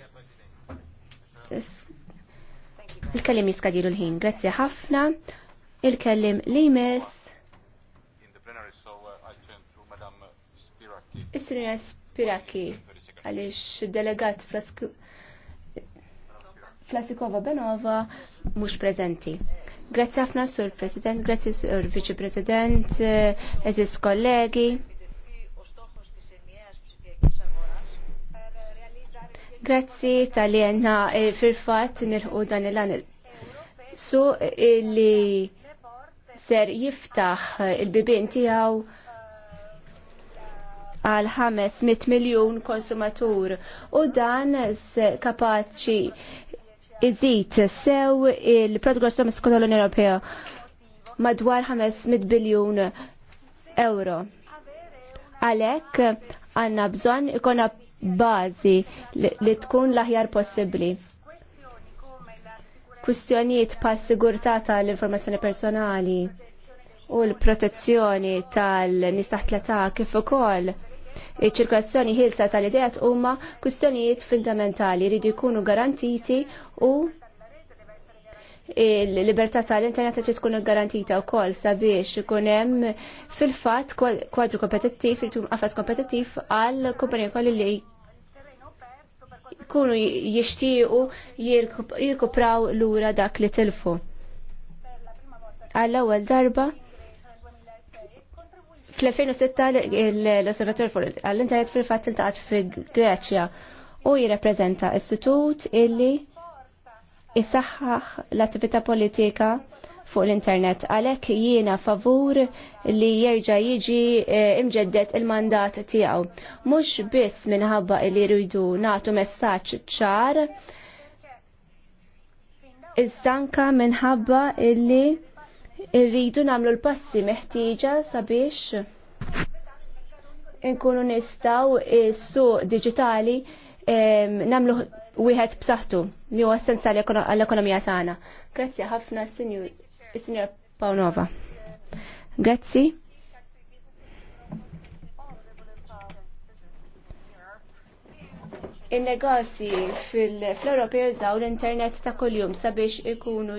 E: Il-kellim jiskadilu l-ħin. Grazzi ħafna. Il-kellim li jmiss. Is-sinina Spiraki għaliex delegat Flasikova Benova mhux prezenti. Grazzi ħafna sur President, grazzi sur Viċi President, eh, eżis kollegi. Grazzi tal-li eh, fil-fat nirħu dan il-għan. Su li ser jiftaħ il-bibin tijaw għal 500 miljon konsumatur u dan kapaċi iżid sew il-prodott gross l unjoni Ewropea madwar 500 biljun euro. Għalhekk għandna bżonn ikona bażi li tkun l-aħjar possibbli. Kwistjonijiet pa' sigurtà tal-informazzjoni personali u l-protezzjoni tal-nies kif ukoll iċ-ċirkolazzjoni ħilsa tal-idejat huma kwistjonijiet fundamentali jridu jkunu garantiti u il-libertà tal-internet li tkun garantita wkoll sabiex ikun hemm fil-fatt kwadru kompetittiv li tkun kompetittiv għal kumpanija kolli li jkunu jixtiequ jirkupraw lura dak li tilfu. Għall-ewwel darba fl-2006 l-Osservatorju għall-Internet fil-fatt iltaqgħet fi Greċja u jirrappreżenta istitut illi isaħħaħ l-attività politika fuq l-internet. Għalek jiena favur li jerġa jiġi eh, imġeddet il-mandat tiegħu. Mhux biss minħabba li jridu nagħtu messaġġ ċar, iżdanka minħabba li rridu nagħmlu l-passi meħtieġa sabiex nkunu nistaw is-suq digitali eh, namlu wieħed b'saħħtu li huwa essenzjali għall-ekonomija tagħna. Grazzi ħafna is sinjur Pawnova. Grazzi. Il-negozji fil ewropej jużaw l-internet ta' kuljum sabiex ikunu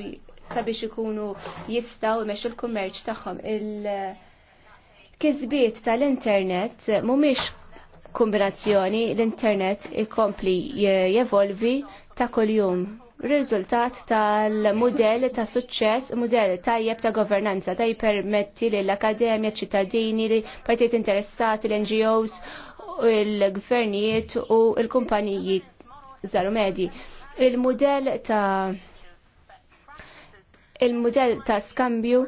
E: sabiex ikunu jistaw imexxu l-kummerċ tagħhom. Il-kisbiet tal-internet mhumiex kombinazzjoni l-internet ikompli jevolvi ta' kuljum. Riżultat tal-modell ta' suċċess, modell tajjeb ta' governanza, ta' jipermetti li l-akademja, ċittadini, partijiet interessati, l-NGOs, il-gvernijiet u il-kumpaniji zaru medji. Il-modell ta' il-modell ta' skambju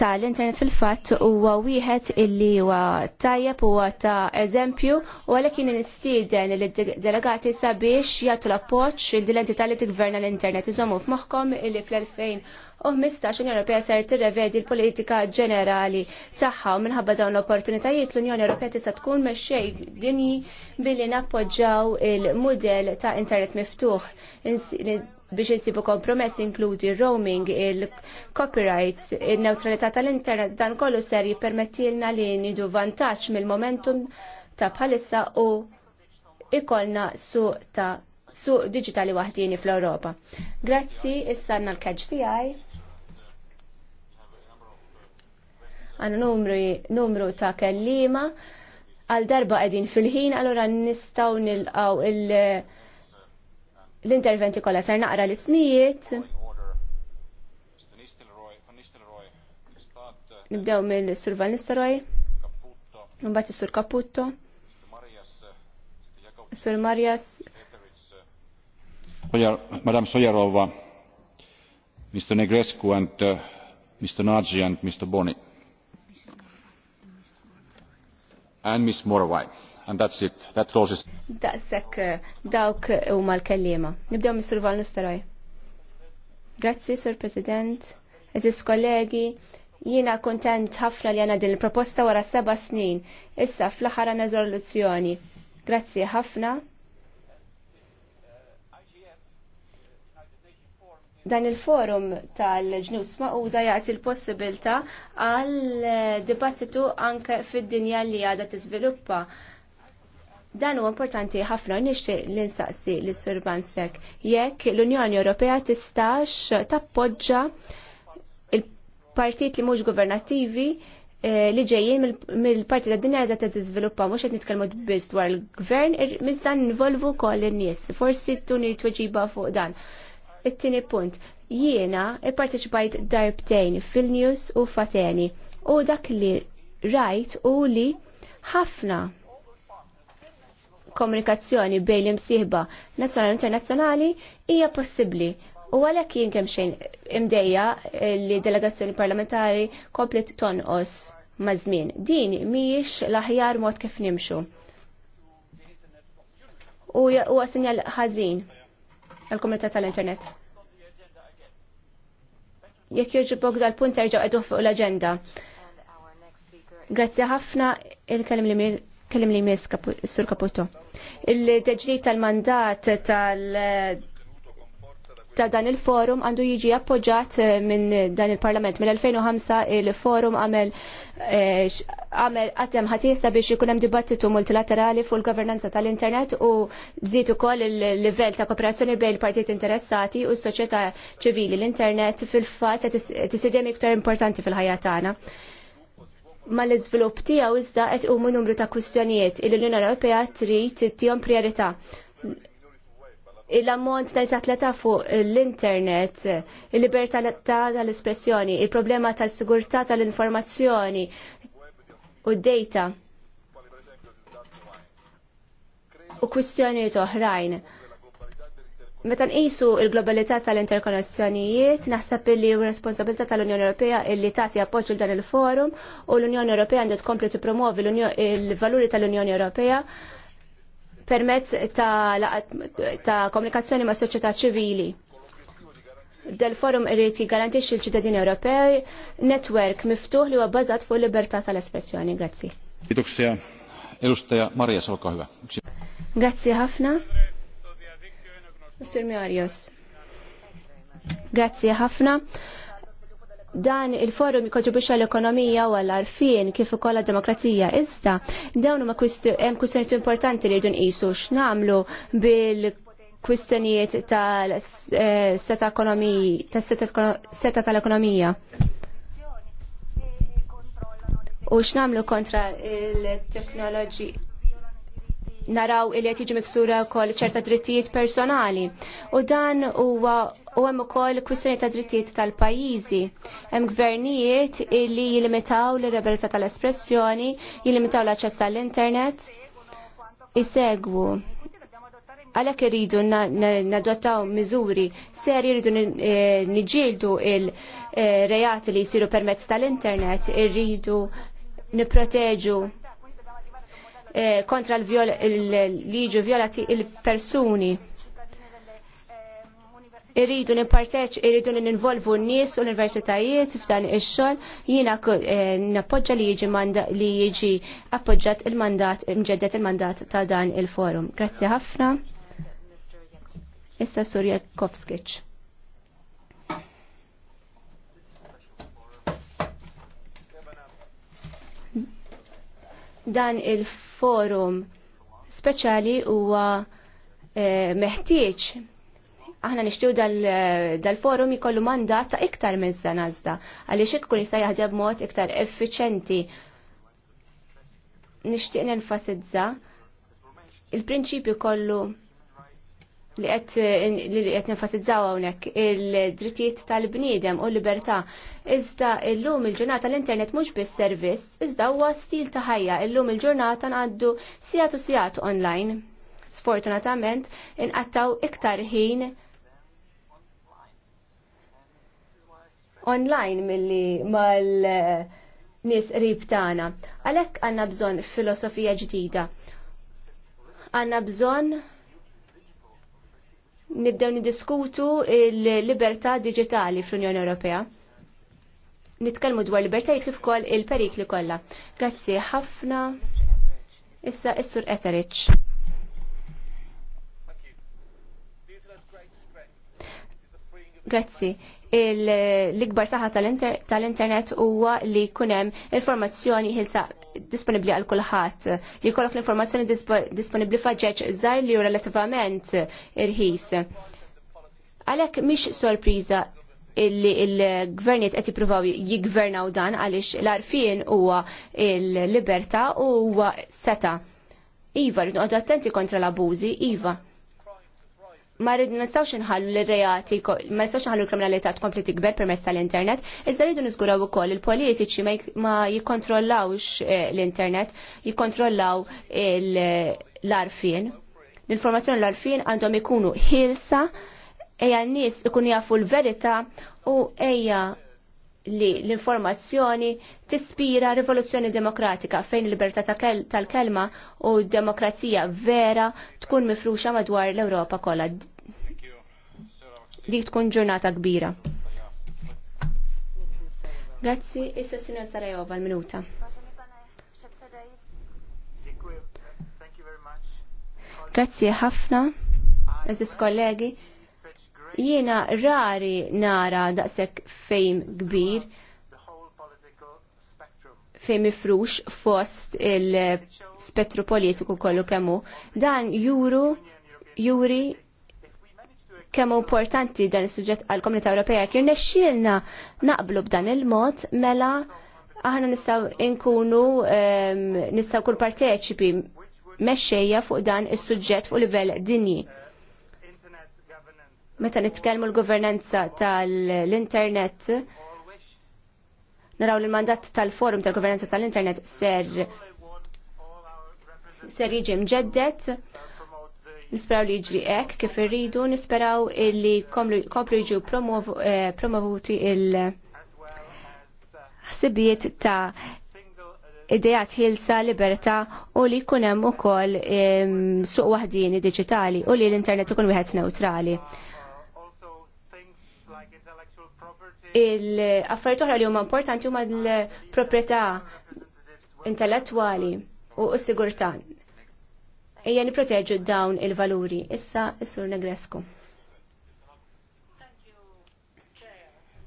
E: Ta' l internet fil-fatt huwa wieħed illi huwa tajjeb huwa ta' eżempju u għalhekk kien nistieden li delegati sabiex jagħtu l-appoġġ il-entità li tigverna l-internet. Iżommu f'moħħkom illi fl-2015 Unjoni Ewropea ser tirrevedi l-politika ġenerali tagħha u minħabba dawn l-opportunitajiet l-Unjoni Ewropea tista' tkun mexxej dinji billi nappoġġaw il-mudell ta' internet miftuħ biex insibu kompromess inkludi roaming, il-copyrights, il-neutralità tal-internet, dan kollu ser jippermettilna li nidu vantaġġ mill-momentum ta' bħalissa u ikolna su ta' suq digitali waħdini fl-Europa. Grazzi, issanna l-kaġ tijaj. Għanna numru, numru ta' kellima għal darba għedin fil-ħin, allora nistaw nilqaw il- l-interventi kolla ser naqra l-ismijiet. Nibdew mill-Sur Van Nistelrooy, mbagħad is-Sur Caputo, Sur Marjas.
B: Madam Sojarova, Mr. Negrescu and uh, Mr. Nagy and Mr. Boni. And Ms. Morawai and that's it. That closes.
E: Daqsek eh, dawk huma l-kellima. Nibdew Mr. Valnus Nisteroj. Grazzi, Sur President, eżis kollegi, jiena kontent ħafna li għana din il-proposta wara seba snin, issa fl-aħħar għana rezoluzzjoni. Grazzi ħafna. dan il-forum tal-ġnus maquda jgħat il-possibilta għal dibattitu anke fid-dinja li għada tiżviluppa. Dan huwa importanti ħafna nixtieq l-insaqsi l sirbansek jekk l-Unjoni Ewropea tistax tappoġġa il-partit li mhux governattivi eh, li ġejjin mill-parti ta' dinja ta' tiżviluppa mhux qed nitkellmu biss dwar il-gvern, miżdan involvu wkoll in-nies. Forsi tuni tweġiba fuq dan. It-tieni punt, jiena ipparteċipajt darbtejn fil-news u fateni u dak li rajt u li ħafna komunikazzjoni bejn l-imsieħba nazzjonali u internazzjonali hija possibbli. U għalhekk jien kemm xejn imdejja li delegazzjoni parlamentari komplet tonqos ma' żmien. Din mhijiex l-aħjar mod kif nimxu. U huwa sinjal ħażin għall-komunità tal-internet. Jekk jogħġbok dal-punt terġa' qeduh fuq l-aġenda. Grazzi ħafna il-kelim li mill Kellim li mis sur Caputo. Il-teġrid tal-mandat tal- ta' dan il-forum għandu jiġi appoġġat eh, minn dan il-parlament. Mill-2005 il-forum għamel eh, għamel għatem ħatisa biex ikun hemm dibattitu multilaterali fuq il-governanza tal-internet u żied ukoll il-livell ta' kooperazzjoni bejn il-partijiet interessati u s-soċjetà ċivili. L-internet fil-fatt qed tisidem iktar importanti fil-ħajja tagħna ma l izvilup tiegħu iżda qed u numru ta' kwistjonijiet il l-Unjoni Ewropea trid tijom priorita. Il-ammont ta' jisatleta fuq l-internet, il-libertà tal-espressjoni, il-problema tal-sigurtà tal-informazzjoni u d-data u kwistjonijiet oħrajn. Meta nqisu il-globalità tal-interkonnessjonijiet, naħseb li hu responsabilità tal-Unjoni Ewropea illi tagħti appoġġ il dan il-forum u l-Unjoni Ewropea għandha tkompli tippromovi il-valuri tal-Unjoni Ewropea permezz ta', ta komunikazzjoni ma' soċjetà ċivili. Del forum irrid jiggarantixxi l-ċittadini Ewropej netwerk miftuħ li huwa bbażat fuq libertà tal-espressjoni. Grazzi. Grazzi ħafna. Mr. Marios. Grazzi ħafna. Dan il-forum jikontribuxa l-ekonomija u għall-arfin kif ukoll demokrazija iżda dawn huma hemm kwistjonijiet importanti li rridu nqisu x'namlu bil kwistjonijiet tal-seta ekonomiji, tas-seta tal-ekonomija u x'namlu kontra il-teknoloġi naraw il qed jiġi miksura wkoll ċerta drittijiet personali. U dan huwa u hemm ukoll kwistjoni ta' drittijiet tal-pajjiżi. Hemm gvernijiet li jilimitaw l-libertà tal-espressjoni, jilimitaw l-aċċess għall-internet, isegwu għalek irridu nadottaw miżuri ser irridu niġieldu eh, il-rejati eh, li jisiru permezz tal-internet, irridu niproteġu Eh, kontra l-liġu violati il-persuni. Irridu nipparteċ, irridu ninvolvu n-nies u l-universitajiet f'dan ix-xogħol, jiena eh, nappoġġa li jiġi li jiġi appoġġat il-mandat, mġeddet il-mandat ta' dan il-forum. Grazzi ħafna. Issa Surja Kovskic. Dan il-forum forum speċjali huwa eh, meħtieġ. Aħna nixtiew dal-forum jkollu mandat ta' iktar minn sena iżda għaliex hekk jista' jaħdem mod iktar effiċenti. Nixtieq nenfasizza il-prinċipju kollu li qed li qed nenfasizzaw hawnhekk il-drittijiet tal-bniedem u l-libertà. Iżda llum il-ġurnata l-internet mhux biss servizz, iżda huwa stil ta' ħajja. Illum il-ġurnata ngħaddu sigħat u sigħat online. Sfortunatament inqattaw iktar ħin online milli mal nis rib tagħna. Għalhekk għandna bżonn filosofija ġdida. Għandna bżonn nibdew nidiskutu il-libertà digitali fl-Unjoni Ewropea. Nitkellmu dwar libertajiet kif ukoll il-perikli kollha. Grazzi ħafna. Issa Issur Etheridge. Grazzi l-ikbar saħħa tal-internet huwa li kunem informazzjoni ħilsa disponibli għal kulħadd. Li jkollok l-informazzjoni disponibli faġġeġ żgħar li hu relattivament irħis. Għalhekk mhix sorpriża illi il-gvernijiet qed jippruvaw jiggvernaw dan għaliex l-arfien huwa l-libertà u huwa seta. Iva, rridu attenti kontra l-abużi, Iva ma rrid nistgħux inħallu l-reati, ma nistgħux inħallu l-kriminalità tkompli tikber permezz tal-internet, iżda rridu niżguraw ukoll il-politiċi ma jikkontrollawx eh, l-internet, jikkontrollaw l-arfin. L-informazzjoni l-arfin għandhom ikunu ħilsa, eja n-nies ikun jafu l-verità u eja li l-informazzjoni tispira rivoluzzjoni demokratika fejn il-libertà tal-kelma u d demokrazija vera tkun mifruxa madwar l-Ewropa kollha dik tkun ġurnata kbira. Grazzi, issa Sinjor Sarajova, l-minuta. Grazzi ħafna, eżis kollegi. Jiena rari nara daqsek fejm kbir fejn mifrux fost il-spettru politiku kollu kemmu. Dan juru, juri kemm importanti dan is-suġġett għal komunità Ewropea kien nexxielna naqblu b'dan il-mod mela aħna nistgħu nkunu ehm, nistgħu kull parteċipi mexxejja fuq dan is-suġġett fuq livell dinji. Meta nitkellmu l-governanza tal-internet, naraw l-mandat tal-forum tal-governanza tal-internet ser ser jiġi mġeddet nisperaw li jġri ek kif irridu, nisperaw li komplu jġu eh, promovuti il-ħsibiet ta' idejat ħilsa, liberta u li kunem u kol suq wahdini digitali u li l-internet ikun wieħed neutrali. Il-affarijiet oħra li huma importanti huma l-proprjetà intellettwali u s-sigurtan ejja niproteġu dawn il-valuri. Issa is-Sur Negresku.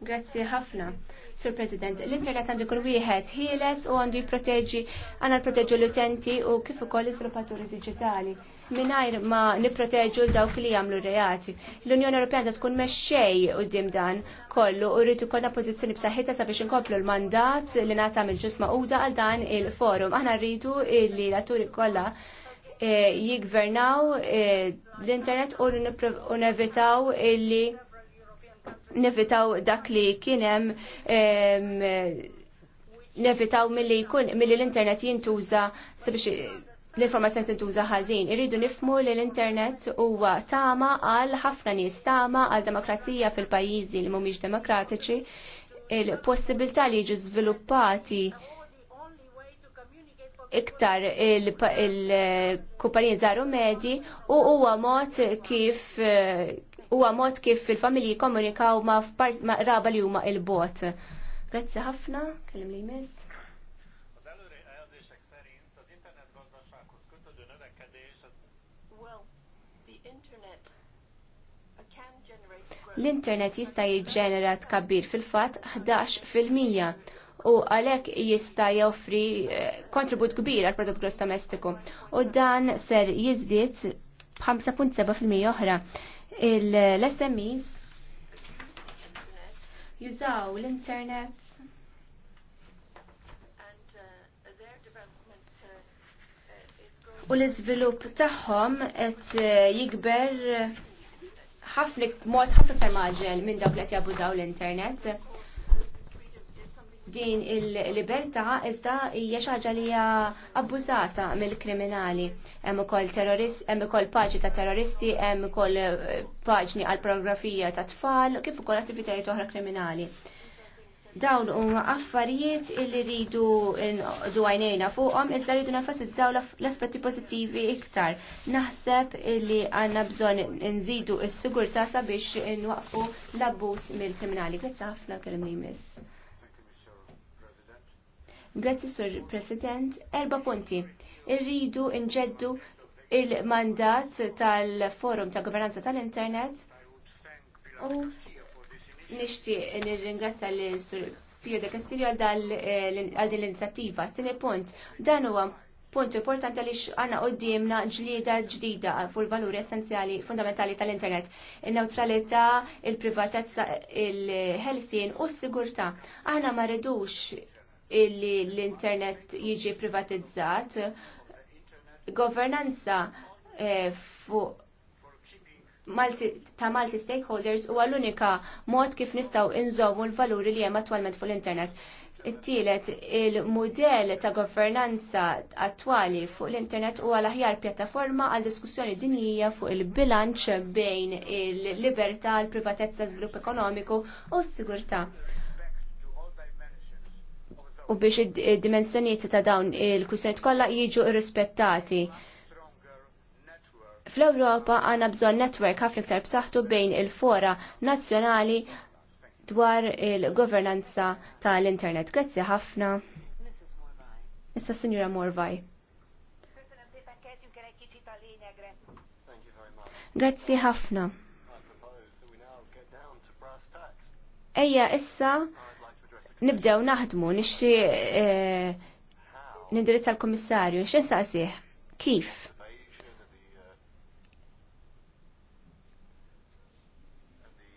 E: Grazzi ħafna. Sur President, l-internet għandu kull wieħed ħieles u għandu jipproteġi l proteġu l-utenti u kif ukoll l sviluppaturi diġitali. Minajr ma nipproteġu dawk li jagħmlu reati. L-Unjoni Ewropea għandha tkun mexxej quddiem dan kollu u rridu ikollna pożizzjoni b'saħħitha sabiex inkomplu l-mandat li ngħata mill-ġus maquda għal dan il-forum. Aħna rridu li l-atturi kollha Eh, jigvernaw eh, l-internet u nevitaw illi nevitaw dak li kienem eh, nevitaw mill-li jkun mill-li l-internet jintuża sabiex l-informazzjoni tintuża ħażin. Irridu nifmu li l-internet huwa tama għal ħafna nies tama għal demokrazija fil-pajjiżi li mhumiex demokratiċi il-possibilità li jiġu żviluppati iktar il-kumpaniji żaru medji u huwa mod kif huwa mod kif il-familji jikkomunikaw ma' raba li huma il-bot. Grazzi ħafna, kellim li jmiss. L-internet jista' jiġġenera tkabbir fil-fatt 11 fil-mija u għalhekk jista' joffri eh, kontribut kbir għal prodott gross domestiku. U dan ser jizdiet 5.7% oħra. L-SMEs jużaw l-internet u l-izvilup tagħhom qed eh, jikber ħafnik mod ħafna ta' maġel minn dawk li qed jabużaw l-internet din il-libertà iżda hija xi ħaġa li hija abbużata mill-kriminali. Hemm ukoll terrorist, hemm ukoll paġi ta' terroristi, hemm ukoll eh, paġni għal pornografija ta' tfal, kif ukoll attivitajiet oħra kriminali. Dawn huma affarijiet li rridu nqdu għajnejna fuqhom iżda rridu nenfasizzaw l-aspetti pożittivi iktar. Naħseb li għandna bżonn nżidu s-sigurtà sabiex inwaqqu l-abbuż mill-kriminali. Grazzi ħafna kellimni miss. Grazzi, Sur President. Erba punti. Irridu nġeddu il-mandat tal-Forum ta' Governanza tal-Internet. U nir nirringrazzja l sur Pio de Castillo għal eh, din l-inizjattiva. Tieni punt, dan huwa punt importanti għaliex għanna qoddimna ġlieda ġdida fuq il-valuri essenzjali fundamentali tal-internet, il-neutralità, il-privatezza, il-ħelsien u s-sigurtà. Aħna ma rridux illi l-internet jiġi privatizzat, governanza eh, fuq Malti, ta' Malti stakeholders u għall-unika mod kif nistaw inżommu l-valuri li jem attualment fuq l-internet. It-tielet, il-modell ta' governanza attwali fuq l-internet u għal-aħjar pjattaforma għal diskussjoni dinjija fuq il-bilanċ bejn il-libertà, l-privatezza, l-svilupp ekonomiku u s-sigurtà u biex id-dimensjonijiet ta' dawn il-kwistjoniet kollha jiġu irrispettati. Fl-Ewropa għandna bżonn netwerk ħafna iktar b'saħħtu bejn il-fora nazzjonali dwar il-governanza tal-internet. Grazzi ħafna. Issa Sinjura Morvaj. Grazzi ħafna. Ejja issa nibdew naħdmu, nixi e, nindirizza l-komissarju, nixi nsaqsih, kif?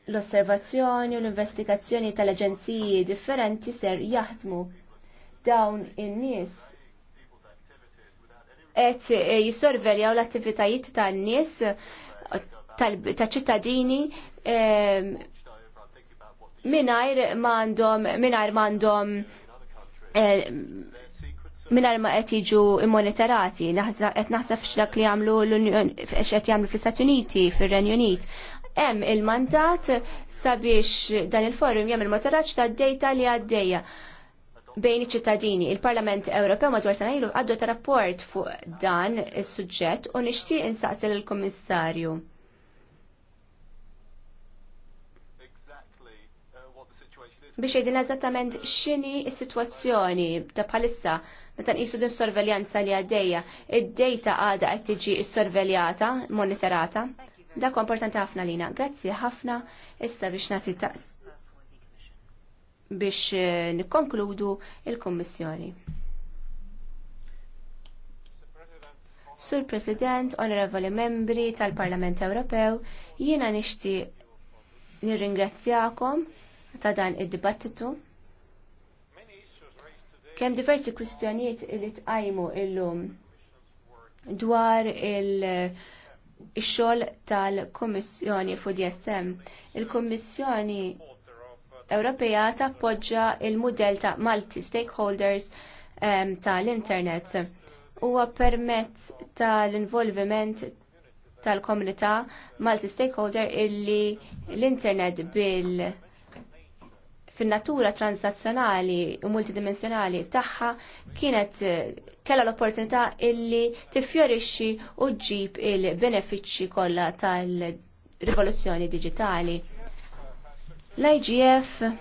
E: L-osservazzjoni u l-investigazzjoni tal-aġenziji differenti ser jaħdmu dawn in-nies qed jissorveljaw l-attivitajiet tan-nies tal-ċittadini minajr mandom, minajr mandom eh, minar ma qed jiġu immonitorati, qed naħseb x'dak li jagħmlu x'qed jagħmlu fl-Istati Uniti, fir-Renju Unit. Hemm il-mandat sabiex dan il-forum jagħmel monitoraġġ tad-dejta li għaddejja bejn iċ-ċittadini. Il-Parlament Ewropew madwar sena ilu għaddu rapport fuq dan is-suġġett u nixtieq insaqsil il-Kummissarju. biex jgħidin eżattament x'inhi s-sitwazzjoni ta' bħalissa meta nqisu din sorveljanza li għaddejja, id-dejta għadha qed tiġi sorveljata, monitorata. Dak importanti ħafna lina. Grazzi ħafna issa biex nagħti taqs biex eh, nikkonkludu il-Kommissjoni. Sur President, Onorevoli Membri tal-Parlament Ewropew, jiena nixti nirringrazzjakom ta' dan id-dibattitu. Kem diversi kwistjonijiet li tqajmu illum dwar il-xol tal kummissjoni fu DSM. il kummissjoni Ewropeja tappoġġa il mudell ta' Malti stakeholders um, ehm, tal-internet huwa permezz tal-involviment tal-komunità Malti stakeholder illi l-internet bil- fin-natura transnazzjonali u multidimensjonali tagħha kienet eh, kella l-opportunità illi tiffjorixxi u ġib il-benefiċċji kollha tal-rivoluzzjoni digitali. L-IGF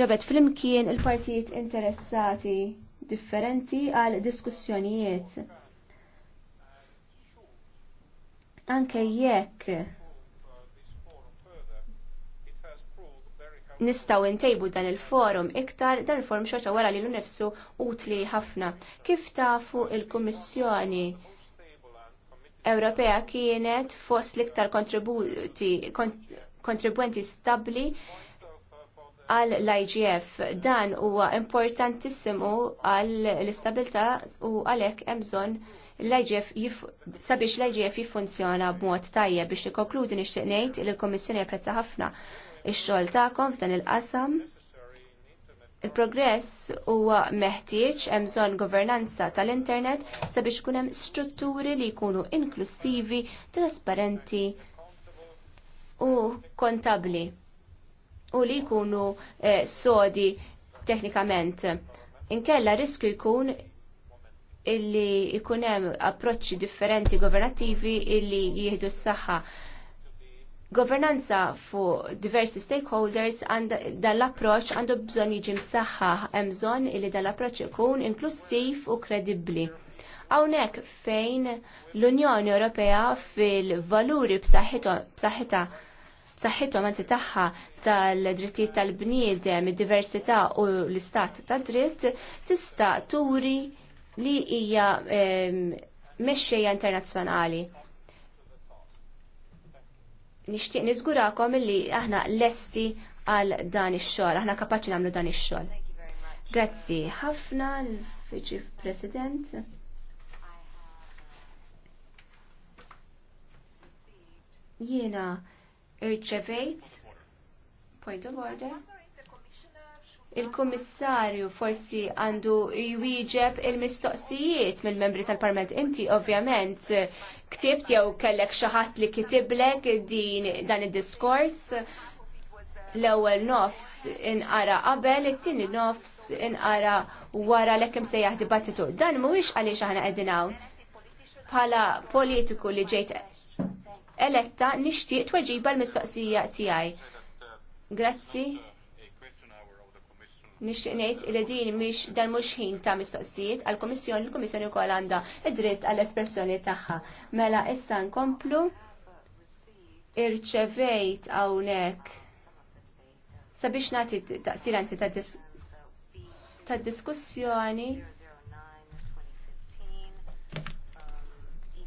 E: ġabet flimkien il-partijiet interessati differenti għal diskussjonijiet. Anke jekk nistaw intejbu dan il-forum iktar, dan il-forum xorta wara li l-nifsu utli ħafna. Kif tafu il-Kummissjoni Ewropea kienet fost l-iktar kontribuenti stabli għal l-IGF. Dan huwa importantissimu għal l-istabilta u għalek emżon l-IGF sabiex l-IGF jifunzjona b'mod tajjeb biex nikkonkludi nixtieq ngħid li l-Kommissjoni japprezza ħafna ix-xogħol tagħkom f'dan il-qasam. Il-progress huwa meħtieġ hemm bżonn governanza tal-internet sabiex kun hemm strutturi li jkunu inklusivi, trasparenti u kontabli u li jkunu eh, sodi teknikament. Inkella riskju jkun illi jkun hemm approċċi differenti governattivi illi jieħdu s-saħħa Governanza fuq diversi stakeholders and dal-approċ għandu bżon jiġi msaħħa hemm bżonn li dal-approċ ikun inklusiv u kredibbli. Hawnhekk fejn l-Unjoni Ewropea fil-valuri b'saħħitha b'saħħithom anzi tagħha tal-drittijiet tal-bniedem, id-diversità u l-istat ta' dritt tista' turi li hija ehm, mexxejja internazzjonali nixtieq niżgurakom li aħna lesti għal dan ix-xogħol, aħna kapaċi nagħmlu dan ix-xogħol. Grazzi ħafna l-Viċi President. Jiena irċevejt point of order il kommissarju forsi għandu jwieġeb il-mistoqsijiet mill-membri tal-parlament. Inti ovvjament ktibt jew kellek xi ħadd li kitiblek din dan id-diskors l-ewwel nofs inqara qabel, it-tieni nofs inqara wara l-ekkem sejjaħ dibattitu. Dan mhuwiex għaliex aħna qegħdin hawn. Bħala politiku li ġejt eletta nixtieq tweġiba l-mistoqsija tiegħi. Grazzi nixtieq ngħid li din mhix dan mhux ħin ta' mistoqsijiet għall-Kummissjoni, il-Kummissjoni wkoll għandha id-dritt għall-espressjoni tagħha. Mela issa nkomplu irċevejt hawnhekk sabiex nagħti taqsir anzi ta' diskussjoni